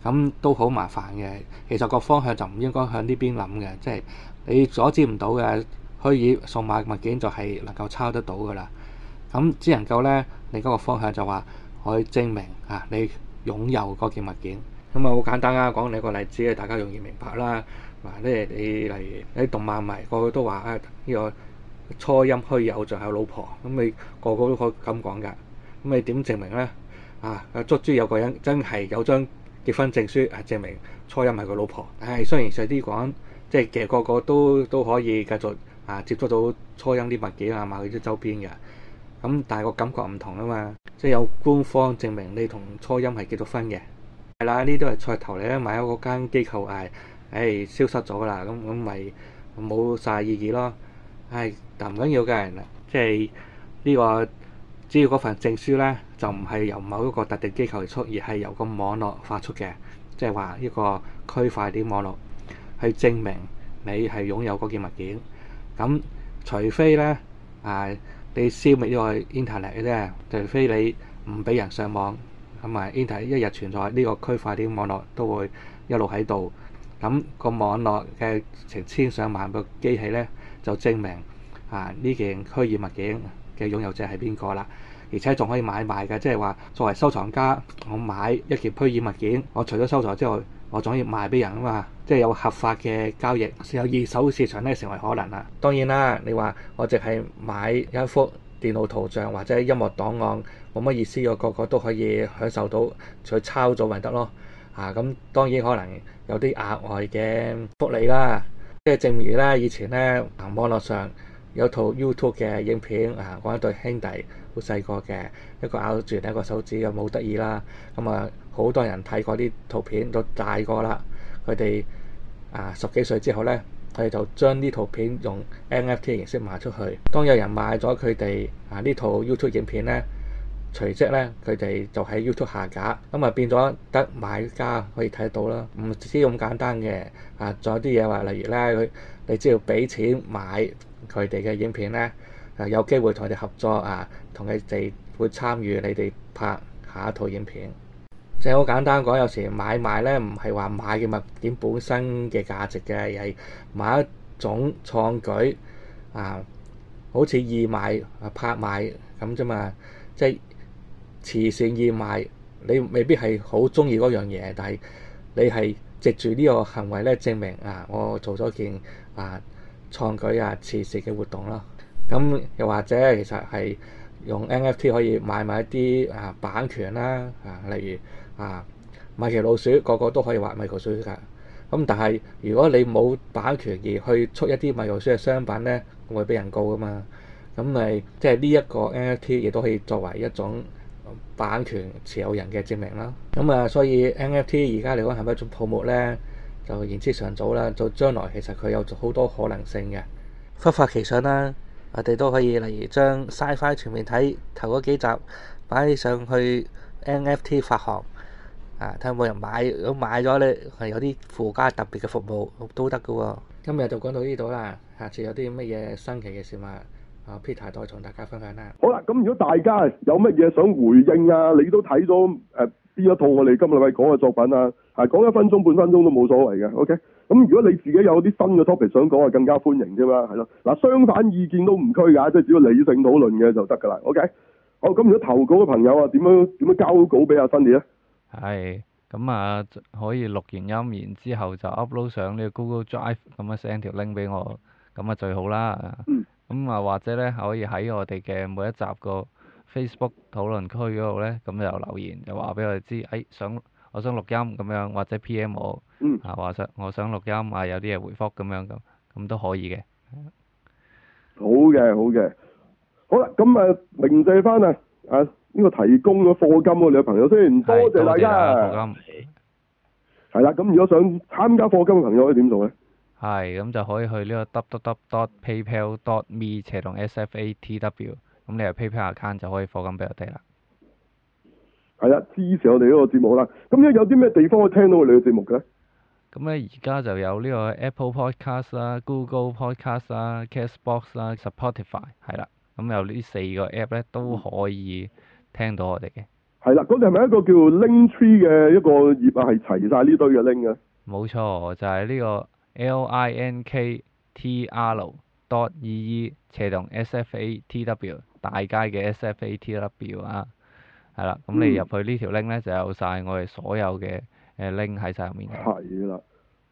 咁都好麻煩嘅。其實個方向就唔應該向呢邊諗嘅，即係你阻止唔到嘅。虛擬數碼物件就係能夠抄得到噶啦，咁只能夠咧，你嗰個方向就話可以證明嚇、啊、你擁有嗰件物件，咁啊好簡單啊，講你一個例子咧，大家容易明白啦。嗱、啊，咧你，你例如啲動漫迷個個都話啊，呢個初音虛有就有老婆，咁你個個都可以咁講噶，咁你點證明咧？啊，足足有個人真係有張結婚證書啊，證明初音係佢老婆。但係雖然上啲講，即係其實個個都都可以繼續。.啊！接觸到初音啲物件啊，買佢啲周邊嘅咁，但係個感覺唔同啊嘛，即係有官方證明你同初音係結咗婚嘅係啦。呢都係菜頭嚟啦，買咗嗰間機構誒誒、哎、消失咗啦，咁咁咪冇晒意義咯。係、哎、唔緊要嘅人即係呢、呢個只要嗰份證書咧，就唔係由某一個特定機構而出，而係由個網絡發出嘅，即係話呢個區塊鏈網絡去證明你係擁有嗰件物件。咁除非咧，啊，你消滅咗去 internet 啫，除非你唔俾人上網，咁啊，internet 一日存在呢個區塊鏈網絡都會一路喺度。咁個網絡嘅成千上萬個機器咧，就證明啊呢件虛擬物件嘅擁有者係邊個啦。而且仲可以買賣嘅，即係話作為收藏家，我買一件虛擬物件，我除咗收藏之外，我仲要賣俾人啊嘛，即係有合法嘅交易，有二手市場咧成為可能啦。當然啦，你話我淨係買一幅電腦圖像或者音樂檔案，冇乜意思，我個個都可以享受到，佢抄咗咪得咯？啊，咁、嗯、當然可能有啲額外嘅福利啦。即係正如咧，以前咧，啊，網絡上有套 YouTube 嘅影片啊，講一對兄弟好細個嘅，一個咬住另一個手指，有冇得意啦。咁、嗯、啊～好多人睇過啲圖片，到大個啦，佢哋啊十幾歲之後咧，佢哋就將啲圖片用 NFT 形式賣出去。當有人買咗佢哋啊呢套 YouTube 影片咧，隨即咧佢哋就喺 YouTube 下架，咁啊變咗得買家可以睇到啦。唔知咁簡單嘅，啊仲有啲嘢話，例如咧佢，你只要畀錢買佢哋嘅影片咧，啊有機會同佢哋合作啊，同佢哋會參與你哋拍下一套影片。即係好簡單講，有時買賣咧唔係話買嘅物件本身嘅價值嘅，而係買一種創舉啊，好似義賣啊拍賣咁啫嘛。即係慈善義賣，你未必係好中意嗰樣嘢，但係你係藉住呢個行為咧，證明啊我做咗件啊創舉啊慈善嘅活動咯。咁又或者其實係用 NFT 可以買埋一啲啊版權啦啊，例如。啊！米奇老鼠個，個個都可以畫米奇老鼠噶。咁但係如果你冇版權而去出一啲米奇老鼠嘅商品呢，會畀人告噶嘛？咁咪即係呢一個 NFT 亦都可以作為一種版權持有人嘅證明啦。咁啊，所以 NFT 而家嚟講係咪一種泡沫呢？就言之尚早啦。就將來其實佢有好多可能性嘅，忽發奇想啦。我哋都可以例如將《Sci-Fi 全面睇》頭嗰幾集擺上去 NFT 發行。啊！睇下冇人買咁買咗咧，係有啲附加特別嘅服務都得噶。哦、今日就講到呢度啦，下次有啲乜嘢新奇嘅事物，阿 Peter 再同大家分享啦。好啦，咁如果大家有乜嘢想回應啊，你都睇咗誒，呢一套我哋今日喂講嘅作品啊，係講一分鐘、半分鐘都冇所謂嘅。OK，咁如果你自己有啲新嘅 topic 想講，啊更加歡迎啫嘛，係咯嗱。相反意見都唔拘架，即係只要理性討論嘅就得噶啦。OK，好咁、嗯，如果投稿嘅朋友啊，點樣點樣交稿俾阿辛尼咧？係，咁啊可以錄完音，然之後就 upload 上呢個 Google Drive 咁啊，send 條 link 俾我，咁啊最好啦。咁、嗯、啊，或者咧可以喺我哋嘅每一集個 Facebook 討論區嗰度咧，咁就留言，就話俾我哋知，哎，想我想錄音咁樣，或者 PM 我。嗯、啊，話想我想錄音啊，有啲嘢回覆咁樣咁，咁都可以嘅。好嘅，好嘅。好啦，咁啊，明謝翻啊，啊。呢個提供咗課金喎，你嘅朋友先，是多謝大家。係啦，咁金如果想參加課金嘅朋友可以點做呢？係咁就可以去呢個 www.paypal.me/sfatw，咁你係 PayPal account 就可以課金俾我哋啦。係啦，支持我哋呢個節目啦。咁咧有啲咩地方可以聽到我哋嘅節目嘅？咁咧而家就有呢個 Apple Podcast 啦、Google Podcast 啦、Castbox 啦、Spotify，係啦，咁有呢四個 app 咧都可以、嗯。聽到我哋嘅係啦，嗰度係咪一個叫 Link Tree 嘅一個頁啊？係齊晒呢堆嘅 link 嘅。冇錯，就係呢個 linktr dot ee 斜同 sfatw 大街嘅 sfatw 啊。係啦，咁你入去呢條 link 咧就有晒我哋所有嘅誒 link 喺上面嘅。係啦，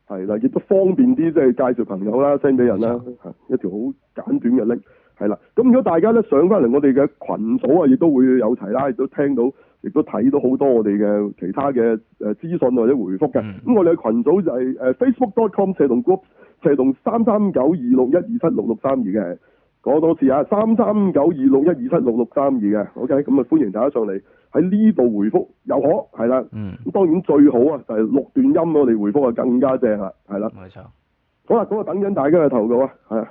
係啦，亦都方便啲，即係介紹朋友啦、send 俾人啦，一條好簡短嘅 link。係啦，咁如果大家呢上翻嚟，我哋嘅群組啊，亦都會有齊啦，亦都聽到，亦都睇到好多我哋嘅其他嘅誒資訊或者回覆嘅。咁、mm hmm. 我哋嘅群組就係、是、誒、呃、facebook.com 斜龍 group 斜龍三三九二六一二七六六三二嘅，講多次啊，三三九二六一二七六六三二嘅，OK，咁啊歡迎大家上嚟喺呢度回覆又可係啦。嗯，咁、mm hmm. 當然最好啊，就係、是、錄段音我哋回覆啊，更加正啦、啊，係啦。冇錯、mm。Hmm. 好啦、啊，咁啊等緊大家嘅投稿啊，係。